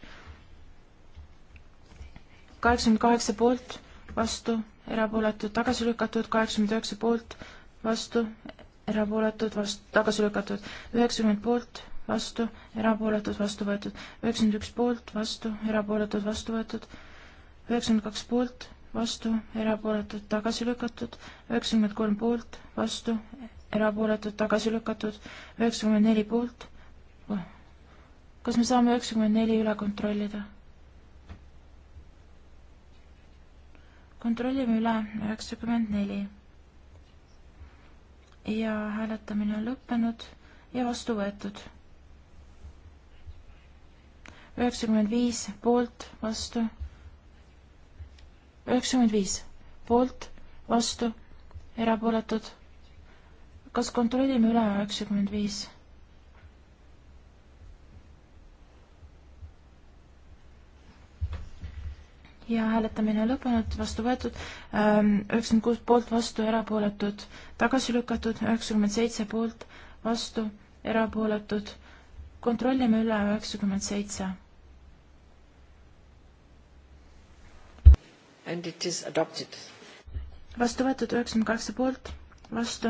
kaheksakümmend kaheksa poolt, vastu, erapooletud, tagasi lükatud, kaheksakümmend üheksa poolt, vastu, erapooletud, vastu, tagasi lükatud, üheksakümmend poolt, vastu, erapooletud, vastu võetud, üheksakümmend üks poolt, vastu, erapooletud, vastu võetud, üheksakümmend kaks poolt, vastu, erapooletud, tagasi lükatud, üheksakümmend kolm poolt, vastu, erapooletud, tagasi lükatud, üheksakümmend neli poolt. kas me saame üheksakümmend neli üle kontrollida? kontrollime üle üheksakümmend neli ja hääletamine on lõppenud ja vastu võetud üheksakümmend viis poolt, vastu. üheksakümmend viis poolt, vastu, erapooletud. kas kontrollime üle üheksakümmend viis? ja hääletamine on lõppenud, vastu võetud, ähm, üheksakümmend kuus poolt, vastu, erapooletud, tagasi lükatud, üheksakümmend seitse poolt, vastu, erapooletud. kontrollime üle üheksakümmend seitse and it is adopted. vastu võetud üheksakümmend kaheksa poolt, vastu,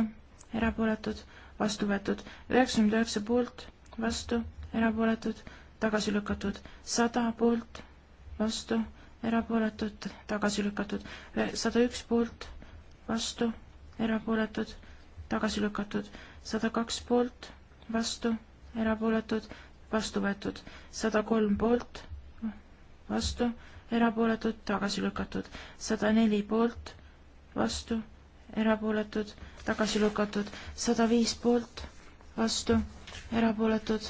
erapooletud, vastu võetud üheksakümmend üheksa poolt, vastu, erapooletud, tagasi lükatud sada poolt, vastu, erapooletud, tagasi lükatud sada üks poolt, vastu, erapooletud, tagasi lükatud sada kaks poolt, vastu, erapooletud, vastu võetud sada kolm poolt, vastu erapooletud, tagasi lükatud. sada neli poolt, vastu, erapooletud, tagasi lükatud. sada viis poolt, vastu, erapooletud.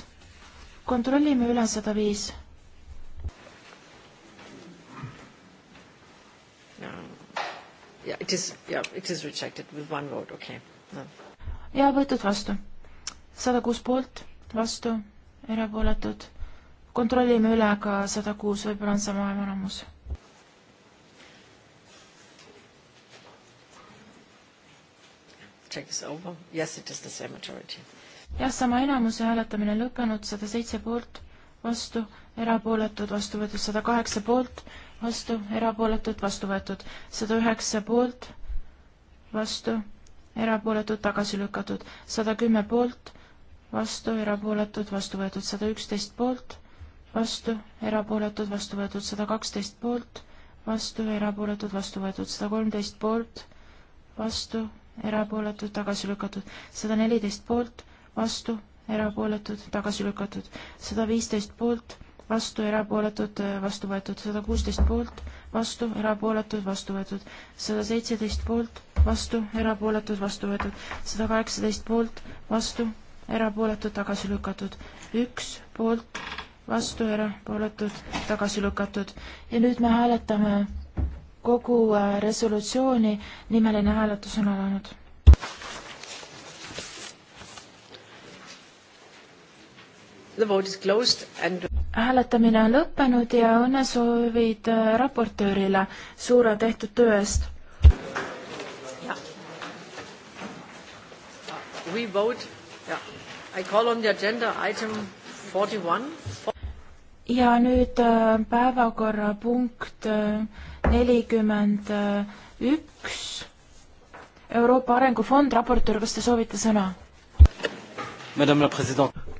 kontrollime üle sada viis Yeah, it is, yeah, it is rejected with one vote, okay. No. ja võetud vastu. sada kuus poolt, vastu, erapooletud, kontrollime üle ka sada kuus, võib-olla on sama enamus. Check is over. Yes, it is the same majority. jah, sama enamuse hääletamine lõppenud, sada seitse poolt, vastu, erapooletud, vastu võetud sada kaheksa poolt, vastu, erapooletud, vastu võetud sada üheksa poolt, vastu, erapooletud, tagasi lükatud, sada kümme poolt, vastu, erapooletud, vastu võetud sada üksteist poolt vastu, erapooletud, vastu võetud sada kaksteist poolt, vastu, erapooletud, vastu võetud sada kolmteist poolt, vastu, erapooletud, tagasi lükatud sada neliteist poolt, vastu, erapooletud, tagasi lükatud sada viisteist poolt, vastu, erapooletud, vastu võetud sada kuusteist poolt, vastu, erapooletud, vastu võetud sada seitseteist poolt, vastu, erapooletud, vastu võetud sada kaheksateist poolt, vastu, erapooletud, tagasi lükatud üks poolt vastu, erapooletud, tagasi lükatud. ja nüüd me hääletame kogu äh, resolutsiooni, nimeline hääletus on alanud. And... hääletamine on lõppenud ja õnnesoovid äh, raportöörile suure tehtud töö eest. We vote, yeah. I call on the agenda item 41 ja nüüd äh, päevakorrapunkt äh, nelikümmend üks, Euroopa Arengufond, raportöör, kas te soovite sõna?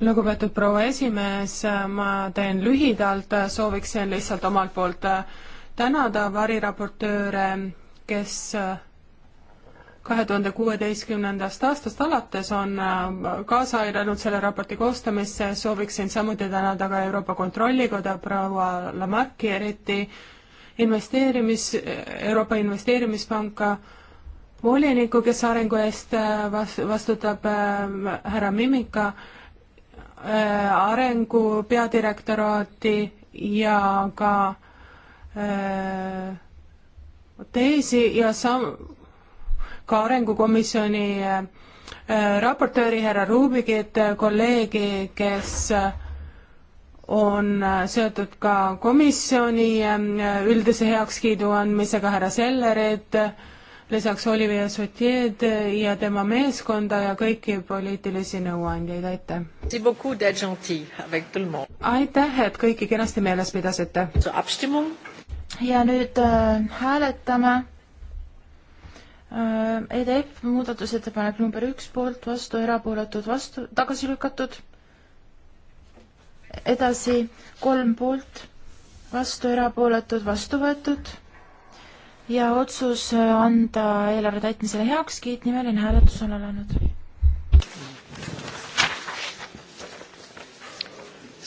lugupeetud proua esimees, äh, ma teen lühidalt, sooviksin lihtsalt omalt poolt tänada variraportööre, kes kahe tuhande kuueteistkümnendast aastast alates on äh, kaasa aidanud selle raporti koostamisse, sooviksin samuti tänada ka Euroopa Kontrollikoda proua Lamarki, eriti investeerimis, Euroopa Investeerimispanka, voliniku, kes arengu eest äh, vas-, vastutab äh, härra Mimika, arengu peadirektoraati ja ka teisi ja sam-, ka Arengukomisjoni äh, äh, raportööri härra Rubigit, äh, kolleegi, kes on seotud ka komisjoni üldise heakskiidu andmisega, härra Sellerit, lisaks Olivia Sotjed ja tema meeskonda ja kõiki poliitilisi nõuandjaid, aitäh! aitäh, et kõiki kenasti meeles pidasite! ja nüüd äh, hääletame Äh, EDF muudatusettepanek number üks poolt, vastu, erapooletud, vastu, tagasi lükatud. edasi kolm poolt, vastu, erapooletud, vastu võetud. ja otsus äh, anda eelarve täitmisele heakskiit, nimeline hääletus on alanud.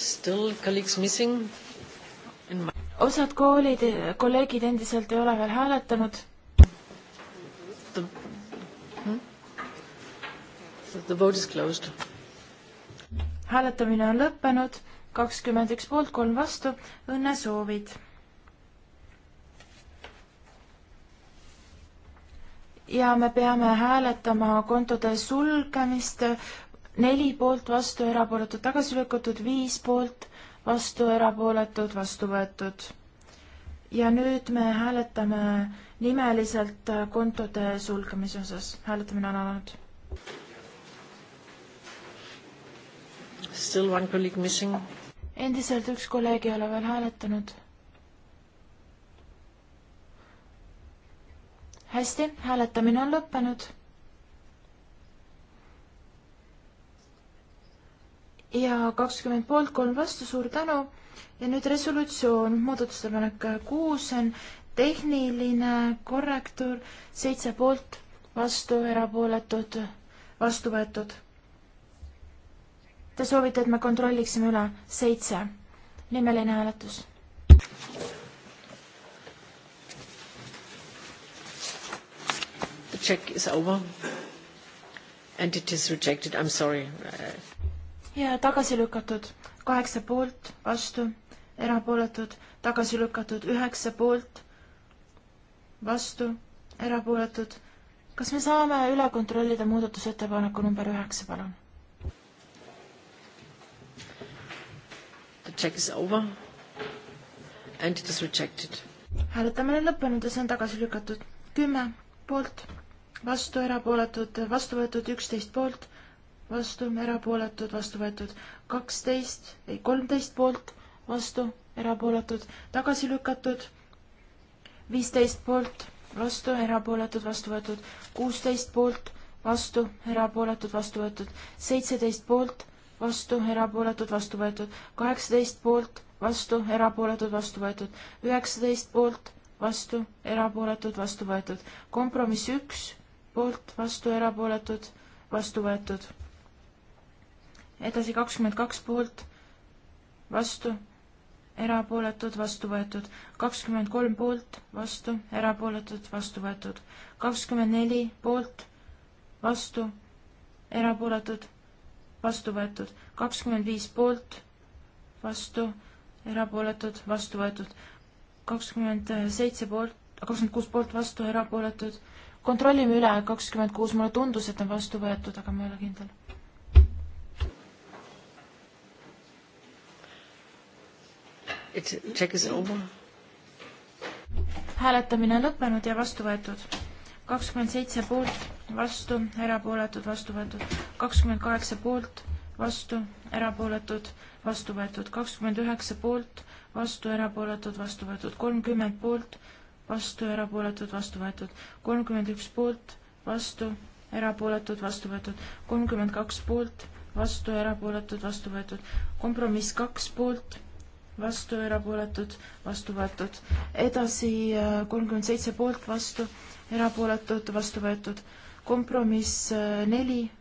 Still colleagues missing. osad koolid, kolleegid endiselt ei ole veel hääletanud the, hmm? the vote is closed. hääletamine on lõppenud, kakskümmend üks poolt, kolm vastu, õnnesoovid. ja me peame hääletama kontode sulgemist, neli poolt vastu, erapooletud tagasi lükatud, viis poolt vastu, erapooletud vastu võetud. ja nüüd me hääletame nimeliselt äh, kontode sulgemise osas. hääletamine on alanud. Still one colleague missing. endiselt üks kolleeg ei ole veel hääletanud. hästi, hääletamine on lõppenud. ja kakskümmend poolt, kolm vastu, suur tänu ja nüüd resolutsioon, muudatusettepanek kuus on tehniline korrektuur, seitse poolt, vastu, erapooletud, vastu võetud. Te soovite, et me kontrolliksime üle? seitse. nimeline hääletus. The check is over and it is rejected, I am sorry. ja tagasi lükatud, kaheksa poolt, vastu, erapooletud, tagasi lükatud, üheksa poolt vastu, erapooletud. kas me saame üle kontrollida muudatusettepaneku number üheksa, palun? The check is over and it is rejected. hääletamine on lõppenud ja see on tagasi lükatud. kümme poolt, vastu, erapooletud, vastu võetud, üksteist poolt, vastu, erapooletud, vastu võetud, kaksteist, ei kolmteist poolt, vastu, erapooletud, tagasi lükatud viisteist poolt, vastu, erapooletud, vastu võetud, kuusteist poolt, vastu, erapooletud, vastu võetud, seitseteist poolt, vastu, erapooletud, vastu võetud, kaheksateist poolt, vastu, erapooletud, vastu võetud, üheksateist poolt, vastu, erapooletud, vastu võetud, kompromiss üks, poolt, vastu, erapooletud, vastu võetud edasi kakskümmend kaks poolt, vastu, erapooletud, vastu võetud, kakskümmend kolm poolt, vastu, erapooletud, vastu võetud, kakskümmend neli poolt, vastu, erapooletud, vastu võetud, kakskümmend viis poolt, vastu, erapooletud, vastu võetud, kakskümmend seitse poolt, kakskümmend kuus poolt, vastu, erapooletud. kontrollime üle, kakskümmend kuus, mulle tundus, et on vastu võetud, aga ma ei ole kindel check is over. hääletamine on lõppenud ja vastu võetud. kakskümmend seitse poolt, vastu, erapooletud, vastu võetud. kakskümmend kaheksa poolt, vastu, erapooletud, vastu võetud. kakskümmend üheksa poolt, vastu, erapooletud, vastu võetud. kolmkümmend poolt, vastu, erapooletud, vastu võetud. kolmkümmend üks poolt, vastu, erapooletud, vastu võetud. kolmkümmend kaks poolt, vastu, erapooletud, vastu võetud. kompromiss kaks poolt vastu, erapooletud, vastu võetud. edasi äh, kolmkümmend seitse poolt, vastu, erapooletud, vastu võetud. kompromiss äh, neli.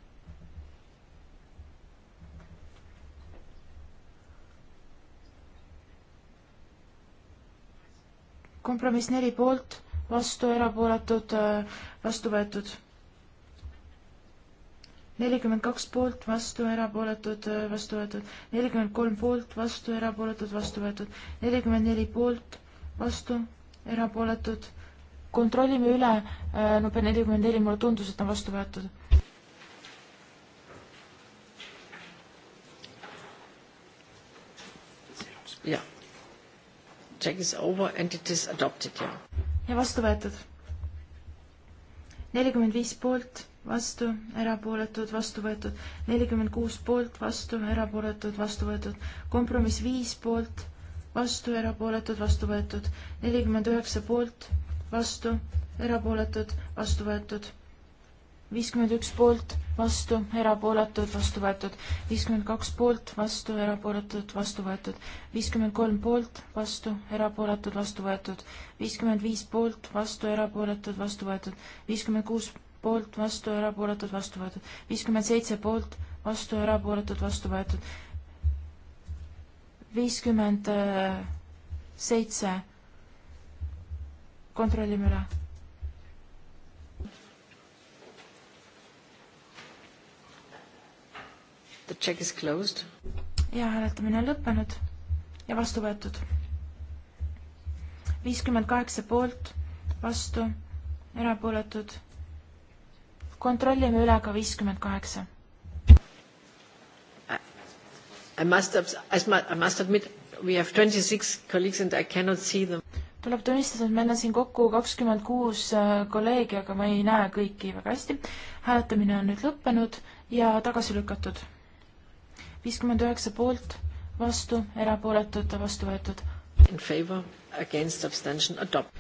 kompromiss neli poolt, vastu, erapooletud, äh, vastu võetud nelikümmend kaks poolt, vastu, erapooletud, äh, vastu võetud, nelikümmend kolm poolt, vastu, erapooletud, vastu võetud, nelikümmend neli poolt, vastu, erapooletud. kontrollime üle, äh, number nelikümmend neli, mulle tundus, et on vastu võetud. jah. Check is over and it is adopted, jah. ja vastu võetud. nelikümmend viis poolt vastu, erapooletud, vastu võetud, nelikümmend kuus poolt, vastu, erapooletud, vastu võetud, kompromiss viis poolt, vastu, erapooletud, vastu võetud, nelikümmend üheksa poolt, vastu, erapooletud, vastu võetud, viiskümmend üks poolt, vastu, erapooletud, vastu võetud, viiskümmend kaks poolt, vastu, erapooletud, vastu võetud, viiskümmend kolm poolt, vastu, erapooletud, vastu võetud, viiskümmend viis poolt, vastu, erapooletud, vastu võetud, viiskümmend kuus poolt, vastu, erapooletud, vastu võetud. viiskümmend seitse poolt, vastu, erapooletud, vastu võetud. viiskümmend seitse. kontrollime üle. The check is closed. ja hääletamine on lõppenud ja vastu võetud. viiskümmend kaheksa poolt, vastu, erapooletud kontrollime üle ka viiskümmend kaheksa. I must, I must admit we have twenty six colleagues and I cannot see them. tuleb tunnistada, et meil on siin kokku kakskümmend kuus äh, kolleegi, aga ma ei näe kõiki väga hästi. hääletamine on nüüd lõppenud ja tagasi lükatud. viiskümmend üheksa poolt, vastu, erapooletud, vastu võetud In favor, against, abstention, adopt.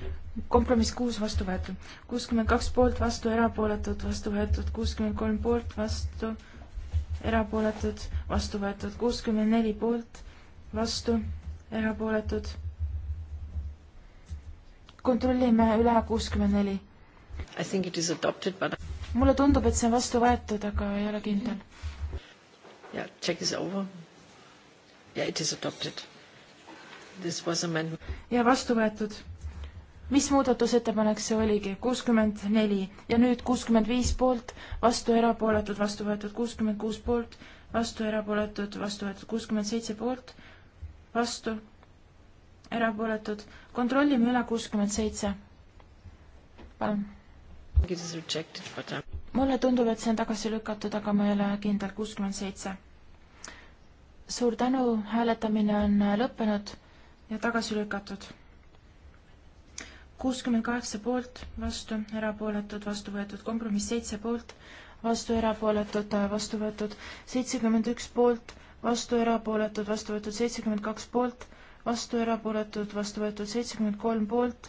kompromiss kuus vastu võetud, kuuskümmend kaks poolt vastu, erapooletud, vastu võetud, kuuskümmend kolm poolt vastu, erapooletud, vastu võetud, kuuskümmend neli poolt vastu, erapooletud. kontrollime üle kuuskümmend neli. I think it is adopted but mulle tundub, et see on vastu võetud, aga ei ole kindel. Yeah, check is over. Yeah, it is adopted ja vastu võetud. mis muudatusettepanek see oligi? kuuskümmend neli ja nüüd kuuskümmend viis poolt, vastu erapooletud, vastu võetud kuuskümmend kuus poolt, vastu erapooletud, vastu võetud kuuskümmend seitse poolt, vastu erapooletud. kontrollime üle kuuskümmend seitse. palun. mulle tundub, et see on tagasi lükatud, aga ma ei ole kindel. kuuskümmend seitse. suur tänu, hääletamine on lõppenud ja tagasi lükatud. kuuskümmend kaheksa poolt, vastu, erapooletud, vastu võetud, kompromiss seitse poolt, vastu, erapooletud, vastu võetud, seitsekümmend üks poolt, vastu, erapooletud, vastu võetud, seitsekümmend kaks poolt, vastu, erapooletud, vastu võetud, seitsekümmend kolm poolt,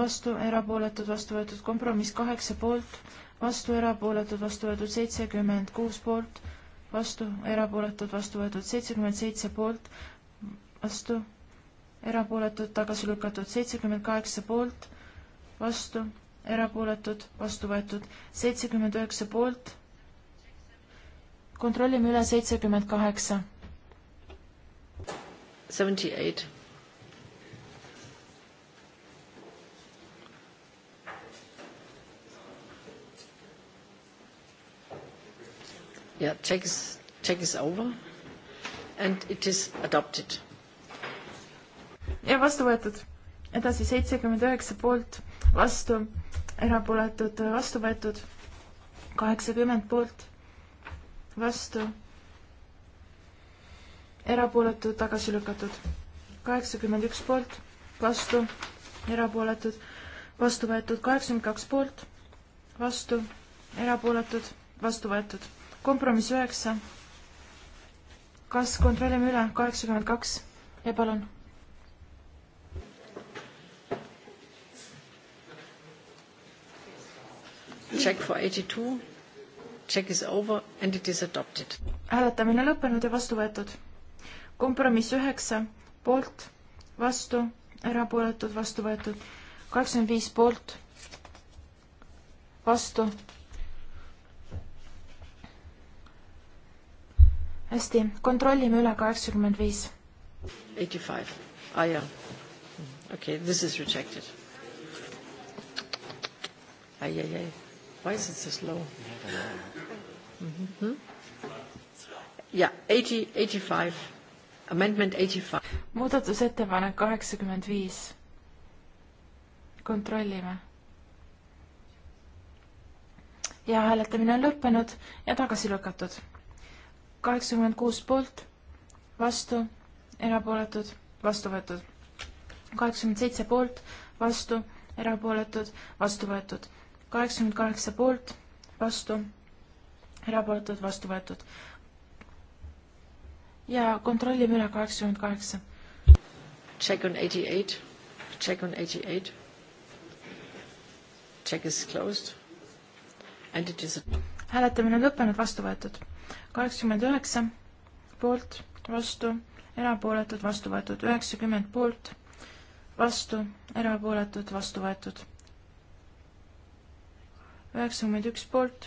vastu, erapooletud, vastu võetud, kompromiss kaheksa poolt, vastu, erapooletud, vastu võetud, seitsekümmend kuus poolt, vastu, erapooletud, vastu võetud, seitsekümmend seitse poolt, vastu erapooletud, tagasi lükatud, seitsekümmend kaheksa poolt, vastu, erapooletud, vastu võetud, seitsekümmend üheksa poolt. kontrollime üle seitsekümmend kaheksa. Seventy eight. Yeah, check is, check is over and it is adopted ja vastu võetud. edasi seitsekümmend üheksa poolt, vastu, erapooletud, vastu võetud. kaheksakümmend poolt, vastu, erapooletud, tagasi lükatud. kaheksakümmend üks poolt, vastu, erapooletud, vastu võetud. kaheksakümmend kaks poolt, vastu, erapooletud, vastu võetud. kompromiss üheksa. kas kontrollime üle? kaheksakümmend kaks ja palun Check for 82. Check is over and it is adopted. hääletamine lõppenud ja vastu võetud. kompromiss üheksa, poolt, vastu, erapooletud, vastu võetud. kakskümmend viis poolt, vastu. hästi, kontrollime üle kaheksakümmend viis. Eighty five, ah jaa. Okay, this is rejected. ai, ai, ai Why is it so slow? Mm-hmm. Yeah, 80, 85. Amendment 85. muudatusettepanek kaheksakümmend viis. kontrollime. ja hääletamine on lõppenud ja tagasi lükatud. kaheksakümmend kuus poolt, vastu, erapooletud, vastu võetud. kaheksakümmend seitse poolt, vastu, erapooletud, vastu võetud kaheksakümmend kaheksa poolt, vastu, erapooletud, vastu võetud. ja kontrollime üle kaheksakümmend kaheksa. Check on eighty eight, check on eighty eight. Check is closed and it is a... hääletamine on lõppenud, vastu võetud. kaheksakümmend üheksa poolt, vastu, erapooletud, vastu võetud, üheksakümmend poolt, vastu, erapooletud, vastu võetud üheksakümmend üks poolt,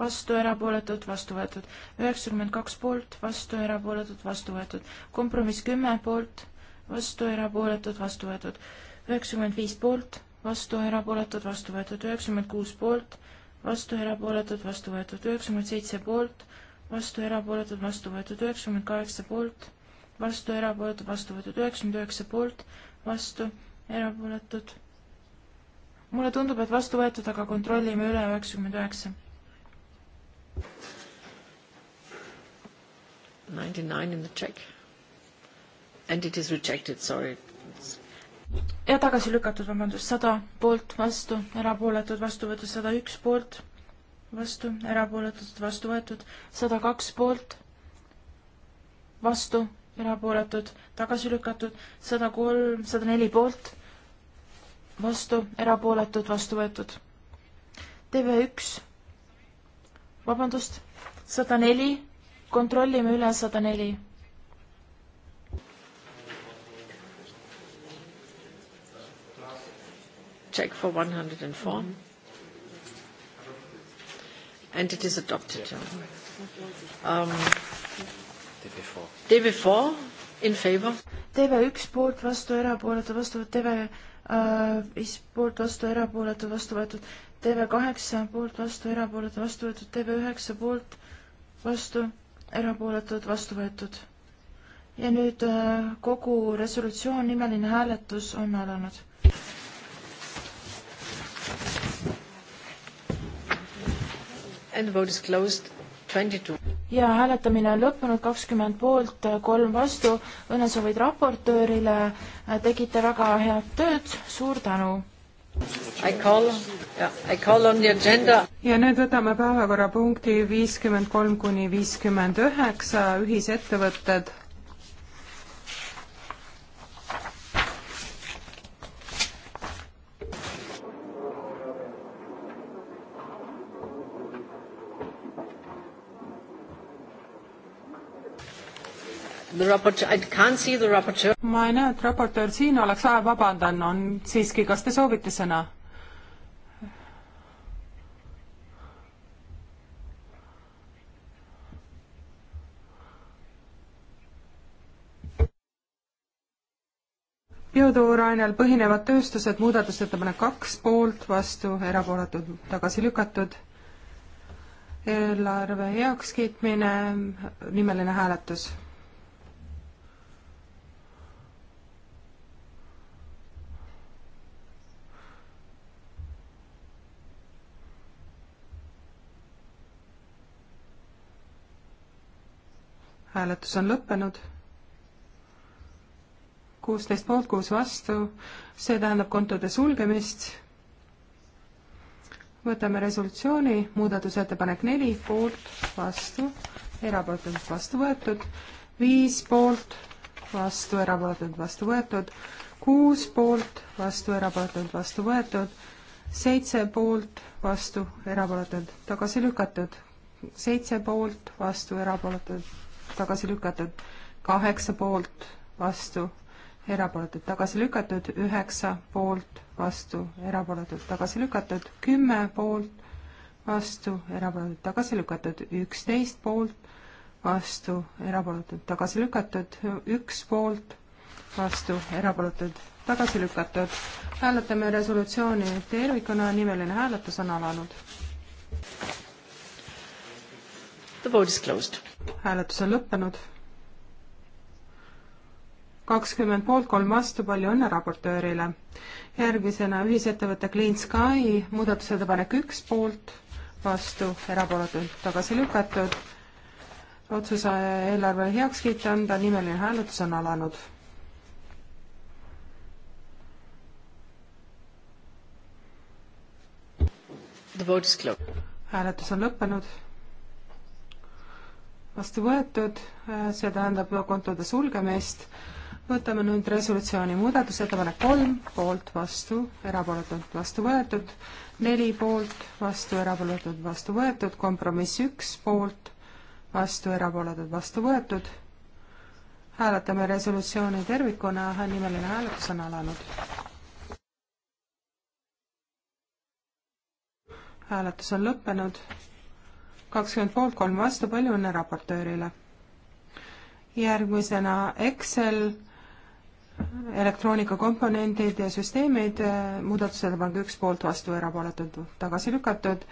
vastu, erapooletud, vastu võetud. üheksakümmend kaks poolt, vastu, erapooletud, vastu võetud. kompromiss kümme poolt, vastu, erapooletud, vastu võetud. üheksakümmend viis poolt, vastu, erapooletud, vastu võetud. üheksakümmend kuus poolt, vastu, erapooletud, vastu võetud. üheksakümmend seitse poolt, vastu, erapooletud, vastu võetud. üheksakümmend kaheksa poolt, vastu, erapooletud, vastu võetud. üheksakümmend üheksa poolt, vastu, erapooletud mulle tundub, et vastu võetud, aga kontrollime üle üheksakümmend üheksa. Ninety nine in the check and it is rejected, sorry. ja tagasi lükatud, vabandust, sada poolt, vastu, erapooletud, vastu võetud, sada üks poolt, vastu, erapooletud, vastu võetud, sada kaks poolt, vastu, erapooletud, tagasi lükatud, sada kolm, sada neli poolt vastu, erapooletud, vastu võetud. TV1, vabandust, sada neli, kontrollime üle sada neli. Check for one hundred and four. And it is adopted. Um, TV4 in favor. TV1 poolt vastu, erapooletu vastu, TV Äh, viis poolt vastu, erapooletud, vastu võetud. TV kaheksa poolt vastu, erapooletud, vastu võetud. TV üheksa poolt vastu, erapooletud, vastu võetud. ja nüüd äh, kogu resolutsioon, nimeline hääletus on alanud. And the vote is closed. 22 ja hääletamine on lõppenud, kakskümmend poolt, kolm vastu. õnnesoovid raportöörile, tegite väga head tööd, suur tänu! Call, yeah, ja nüüd võtame päevakorrapunkti viiskümmend kolm kuni viiskümmend üheksa, ühisettevõtted ma ei näe, et raportöör siin oleks, vabandan, on siiski, kas te soovite sõna? biotoorainel põhinevad tööstused, muudatusettepanek kaks poolt, vastu, erapooletud, tagasi lükatud. eelarve heakskiitmine, nimeline hääletus hääletus on lõppenud. kuusteist poolt, kuus vastu, see tähendab kontode sulgemist. võtame resolutsiooni, muudatusettepanek neli, poolt, vastu, erapooletult vastu võetud, viis poolt, vastu, erapooletult vastu võetud, kuus poolt, vastu, erapooletult vastu võetud, seitse poolt, vastu, erapooletult tagasi lükatud, seitse poolt, vastu, erapooletult tagasi lükatud, kaheksa poolt, vastu, erapooletud, tagasi lükatud, üheksa poolt, vastu, erapooletud, tagasi lükatud, kümme poolt, vastu, erapooletud, tagasi lükatud, üksteist poolt, vastu, erapooletud, tagasi lükatud, üks poolt, vastu, erapooletud, tagasi lükatud. hääletame resolutsiooni tervikuna, nimeline hääletus on alanud. The vote is closed. hääletus on lõppenud. kakskümmend poolt, kolm vastu, palju õnne raportöörile. järgmisena ühisettevõte Clean Sky, muudatusettepanek üks poolt, vastu, erapooletult tagasi lükatud. otsuse eelarvele heakskiit anda, nimeline hääletus on alanud hääletus on lõppenud vastu võetud, äh, see tähendab kontode sulgemist. võtame nüüd resolutsiooni muudatusettepanek kolm, poolt, vastu, erapooletult vastu võetud, neli poolt, vastu, erapooletult vastu võetud, kompromiss üks, poolt, vastu, erapooletult vastu võetud. hääletame resolutsiooni tervikuna, nimeline hääletus on alanud. hääletus on lõppenud kakskümmend poolt, kolm vastu, palju õnne raportöörile. järgmisena Excel, elektroonikakomponendid ja süsteemid, äh, muudatusettepanek üks poolt, vastu, erapooletud, tagasi lükatud.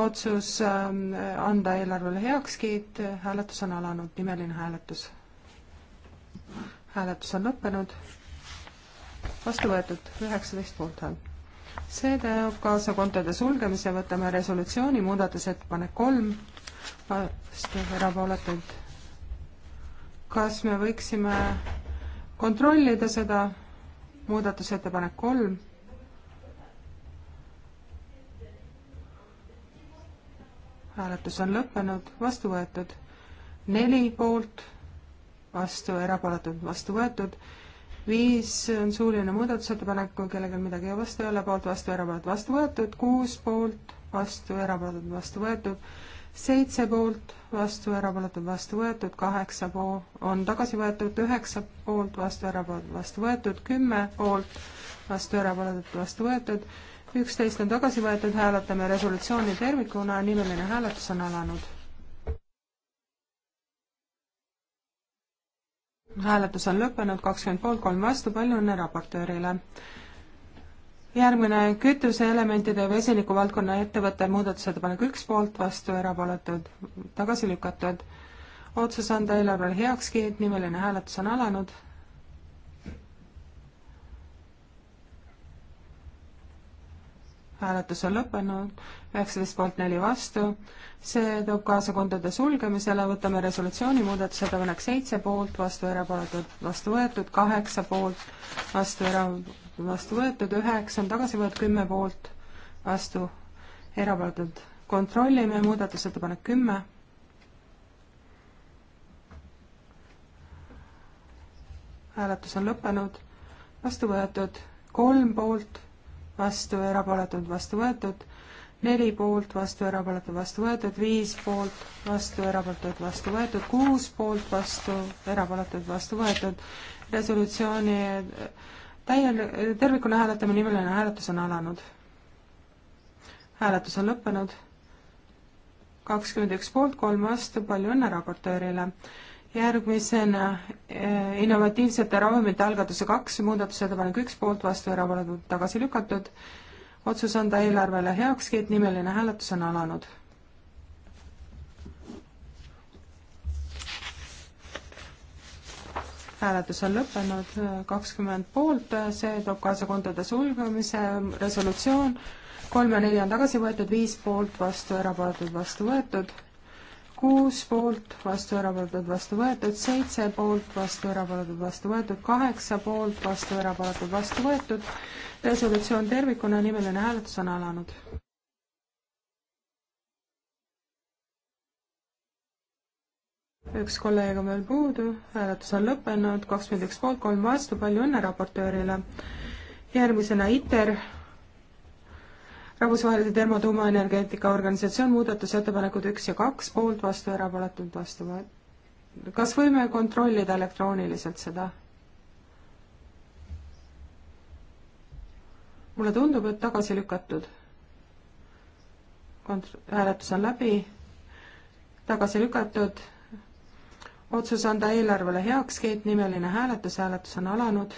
otsus ähm, anda eelarvele heakskiit, hääletus on alanud, nimeline hääletus. hääletus on lõppenud, vastu võetud, üheksateist poolt häält see toob kaasa kontode sulgemise, võtame resolutsiooni, muudatusettepanek kolm, vastu erapooletuid. kas me võiksime kontrollida seda, muudatusettepanek kolm hääletus on lõppenud, vastu võetud neli poolt, vastu erapooletud, vastu võetud viis on suuline muudatusettepanek, kui kellelgi midagi vastu ei ole, poolt, vastu, erapooletud, vastu võetud, kuus poolt, vastu, erapooletud, vastu võetud, seitse poolt, vastu, erapooletud, vastu võetud, kaheksa pool on tagasi võetud, üheksa poolt, vastu, erapooletud, vastu võetud, kümme poolt, vastu, erapooletud, vastu võetud, üksteist on tagasi võetud, hääletame resolutsiooni tervikuna, nimeline hääletus on alanud hääletus on lõppenud, kakskümmend poolt, kolm vastu, palju õnne raportöörile. järgmine kütuseelementide ja vesiniku valdkonna ettevõte muudatusettepanek üks poolt, vastu erapooletud, tagasi lükatud. otsus anda eelarvele heakskiit, nimeline hääletus on alanud hääletus on lõppenud, üheksateist poolt neli vastu. see toob kaasa kontode sulgemisele, võtame resolutsiooni muudatusettepanek seitse poolt, vastu erapooletud, vastu võetud, kaheksa poolt, vastu era-, vastu võetud, üheksa on tagasi võetud, kümme poolt, vastu erapooletud. kontrollime muudatusettepanek kümme. hääletus on lõppenud, vastu võetud kolm poolt vastu, erapooletud, vastu võetud, neli poolt, vastu, erapooletud, vastu võetud, viis poolt, vastu, erapooletud, vastu võetud, kuus poolt, vastu, erapooletud, vastu võetud, resolutsiooni täiel, tervikuna hääletamine, nimeline hääletus on alanud. hääletus on lõppenud kakskümmend üks poolt, kolm vastu, palju õnne raportöörile! järgmisena eh, innovatiivsete ravimite algatuse kaks, muudatusettepanek üks, poolt, vastu, erapooletud, tagasi lükatud. otsus anda eelarvele heakskiit, nimeline hääletus on alanud. hääletus on lõppenud, kakskümmend poolt, see toob kaasa kontode sulgemise, resolutsioon, kolm ja neli on tagasi võetud, viis poolt, vastu, erapooletud, vastu võetud kuus poolt, vastu erapooletud, vastu võetud, seitse poolt, vastu erapooletud, vastu võetud, kaheksa poolt, vastu erapooletud, vastu võetud. resolutsioon tervikuna, nimeline hääletus on alanud. üks kolleeg on veel puudu, hääletus on lõppenud, kakskümmend üks poolt, kolm vastu, palju õnne raportöörile. järgmisena ITER rahvusvahelise termotuumaenergeetika organisatsioon, muudatusettepanekud üks ja kaks, poolt, vastu, erapooletud, vastu võetud. kas võime kontrollida elektrooniliselt seda? mulle tundub, et tagasi lükatud. kont-, hääletus on läbi, tagasi lükatud, otsus anda eelarvele heakskiit, nimeline hääletus, hääletus on alanud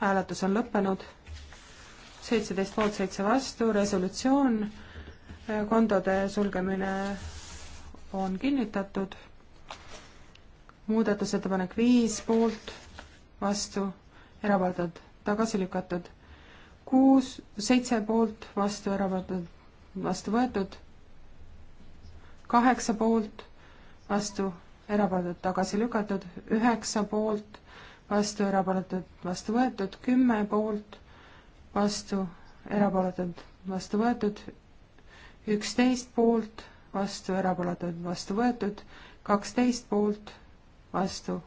hääletus on lõppenud, seitseteist poolt, seitse vastu, resolutsioon, kontode sulgemine on kinnitatud, muudatusettepanek viis poolt, vastu, erapooletud, tagasi lükatud, kuus, seitse poolt, vastu, erapooletud, vastu võetud, kaheksa poolt, vastu, erapooletud, tagasi lükatud, üheksa poolt vastu, erapooletud, vastu võetud, kümme poolt, vastu, erapooletud, vastu võetud, üksteist poolt, vastu, erapooletud, vastu võetud, kaksteist poolt, vastu.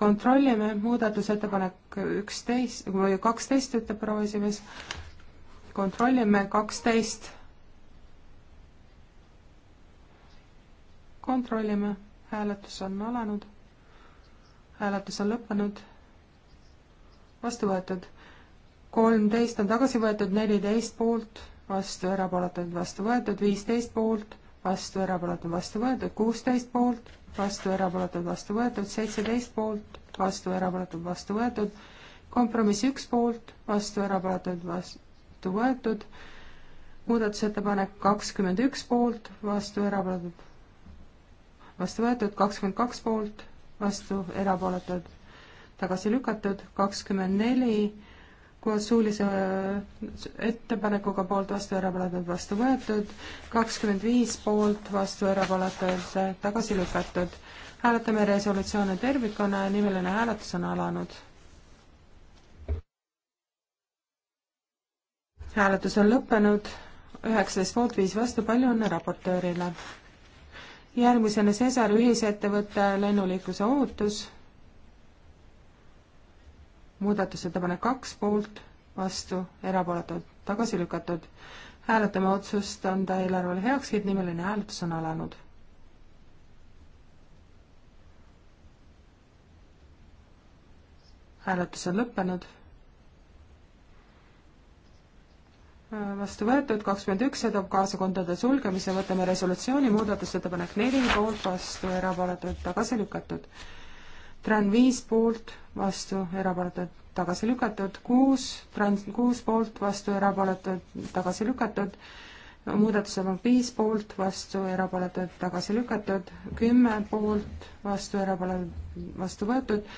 kontrollime muudatusettepanek üksteist või kaksteist, ütleb proua esimees. kontrollime kaksteist. kontrollime, hääletus on alanud hääletus on lõppenud, vastu võetud. kolmteist on tagasi võetud, neliteist poolt, vastu erapooletud, vastu võetud, viisteist poolt, vastu erapooletud, vastu võetud, kuusteist poolt, vastu erapooletud, vastu võetud, seitseteist poolt, vastu erapooletud, vastu võetud, kompromiss üks poolt, vastu erapooletud, vastu võetud, muudatusettepanek kakskümmend üks poolt, vastu erapooletud, vastu võetud, kakskümmend kaks poolt, vastu, erapooletud, tagasi lükatud, kakskümmend neli koos suulise äh, ettepanekuga poolt vastu, erapooletud, vastu võetud, kakskümmend viis poolt vastu, erapooletud, tagasi lükatud. hääletame resolutsioone tervikuna ja nimeline hääletus on alanud. hääletus on lõppenud, üheksateist poolt, viis vastu, palju õnne raportöörile! järgmisena Cesar ühisettevõte lennuliikluse ohutus. muudatusettepanek kaks poolt, vastu, erapooletud, tagasi lükatud. hääletame otsust anda eelarvele heakskiit, nimeline hääletus on alanud. hääletus on lõppenud vastu võetud, kakskümmend üks, see toob kaasa kontode sulgemise, võtame resolutsiooni, muudatusettepanek neli, poolt, vastu, erapooletud, tagasi lükatud. Tran viis poolt, vastu, erapooletud, tagasi lükatud, kuus, Tran kuus poolt, vastu, erapooletud, tagasi lükatud, muudatusettepanek viis poolt, vastu, erapooletud, tagasi lükatud, kümme poolt, vastu, erapooletud, vastu võetud,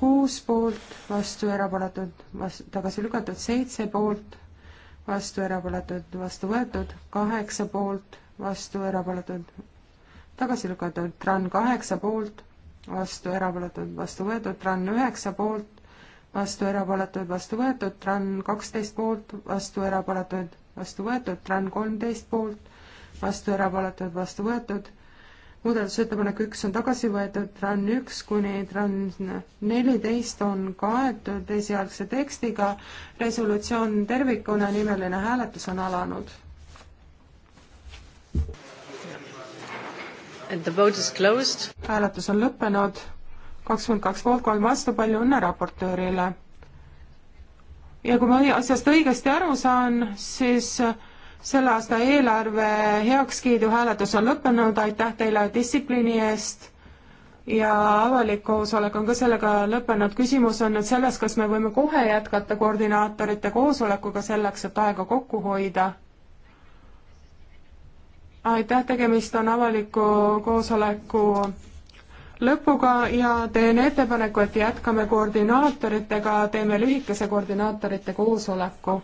kuus poolt, vastu, erapooletud, vastu, tagasi lükatud, seitse poolt, vastu, erapooletud, vastu võetud, kaheksa poolt, vastu, erapooletud, tagasi lükatud, TRAN kaheksa poolt, vastu, erapooletud, vastu võetud, TRAN üheksa poolt, vastu, erapooletud, vastu võetud, TRAN kaksteist poolt, vastu, erapooletud, vastu võetud, TRAN kolmteist poolt, vastu, erapooletud, vastu võetud muudatusettepanek üks on tagasi võetud, tran üks kuni tran neliteist on kaetud esialgse tekstiga, resolutsioon tervikuna, nimeline hääletus on alanud. hääletus on lõppenud, kakskümmend kaks poolt, kolm vastu, palju õnne raportöörile. ja kui ma asjast õigesti aru saan, siis selle aasta eelarve heakskiidu hääletus on lõppenud, aitäh teile distsipliini eest ja avalik koosolek on ka sellega lõppenud. küsimus on nüüd selles, kas me võime kohe jätkata koordinaatorite koosolekuga selleks, et aega kokku hoida. aitäh, tegemist on avaliku koosoleku lõpuga ja teen ettepaneku, et jätkame koordinaatoritega, teeme lühikese koordinaatorite koosoleku.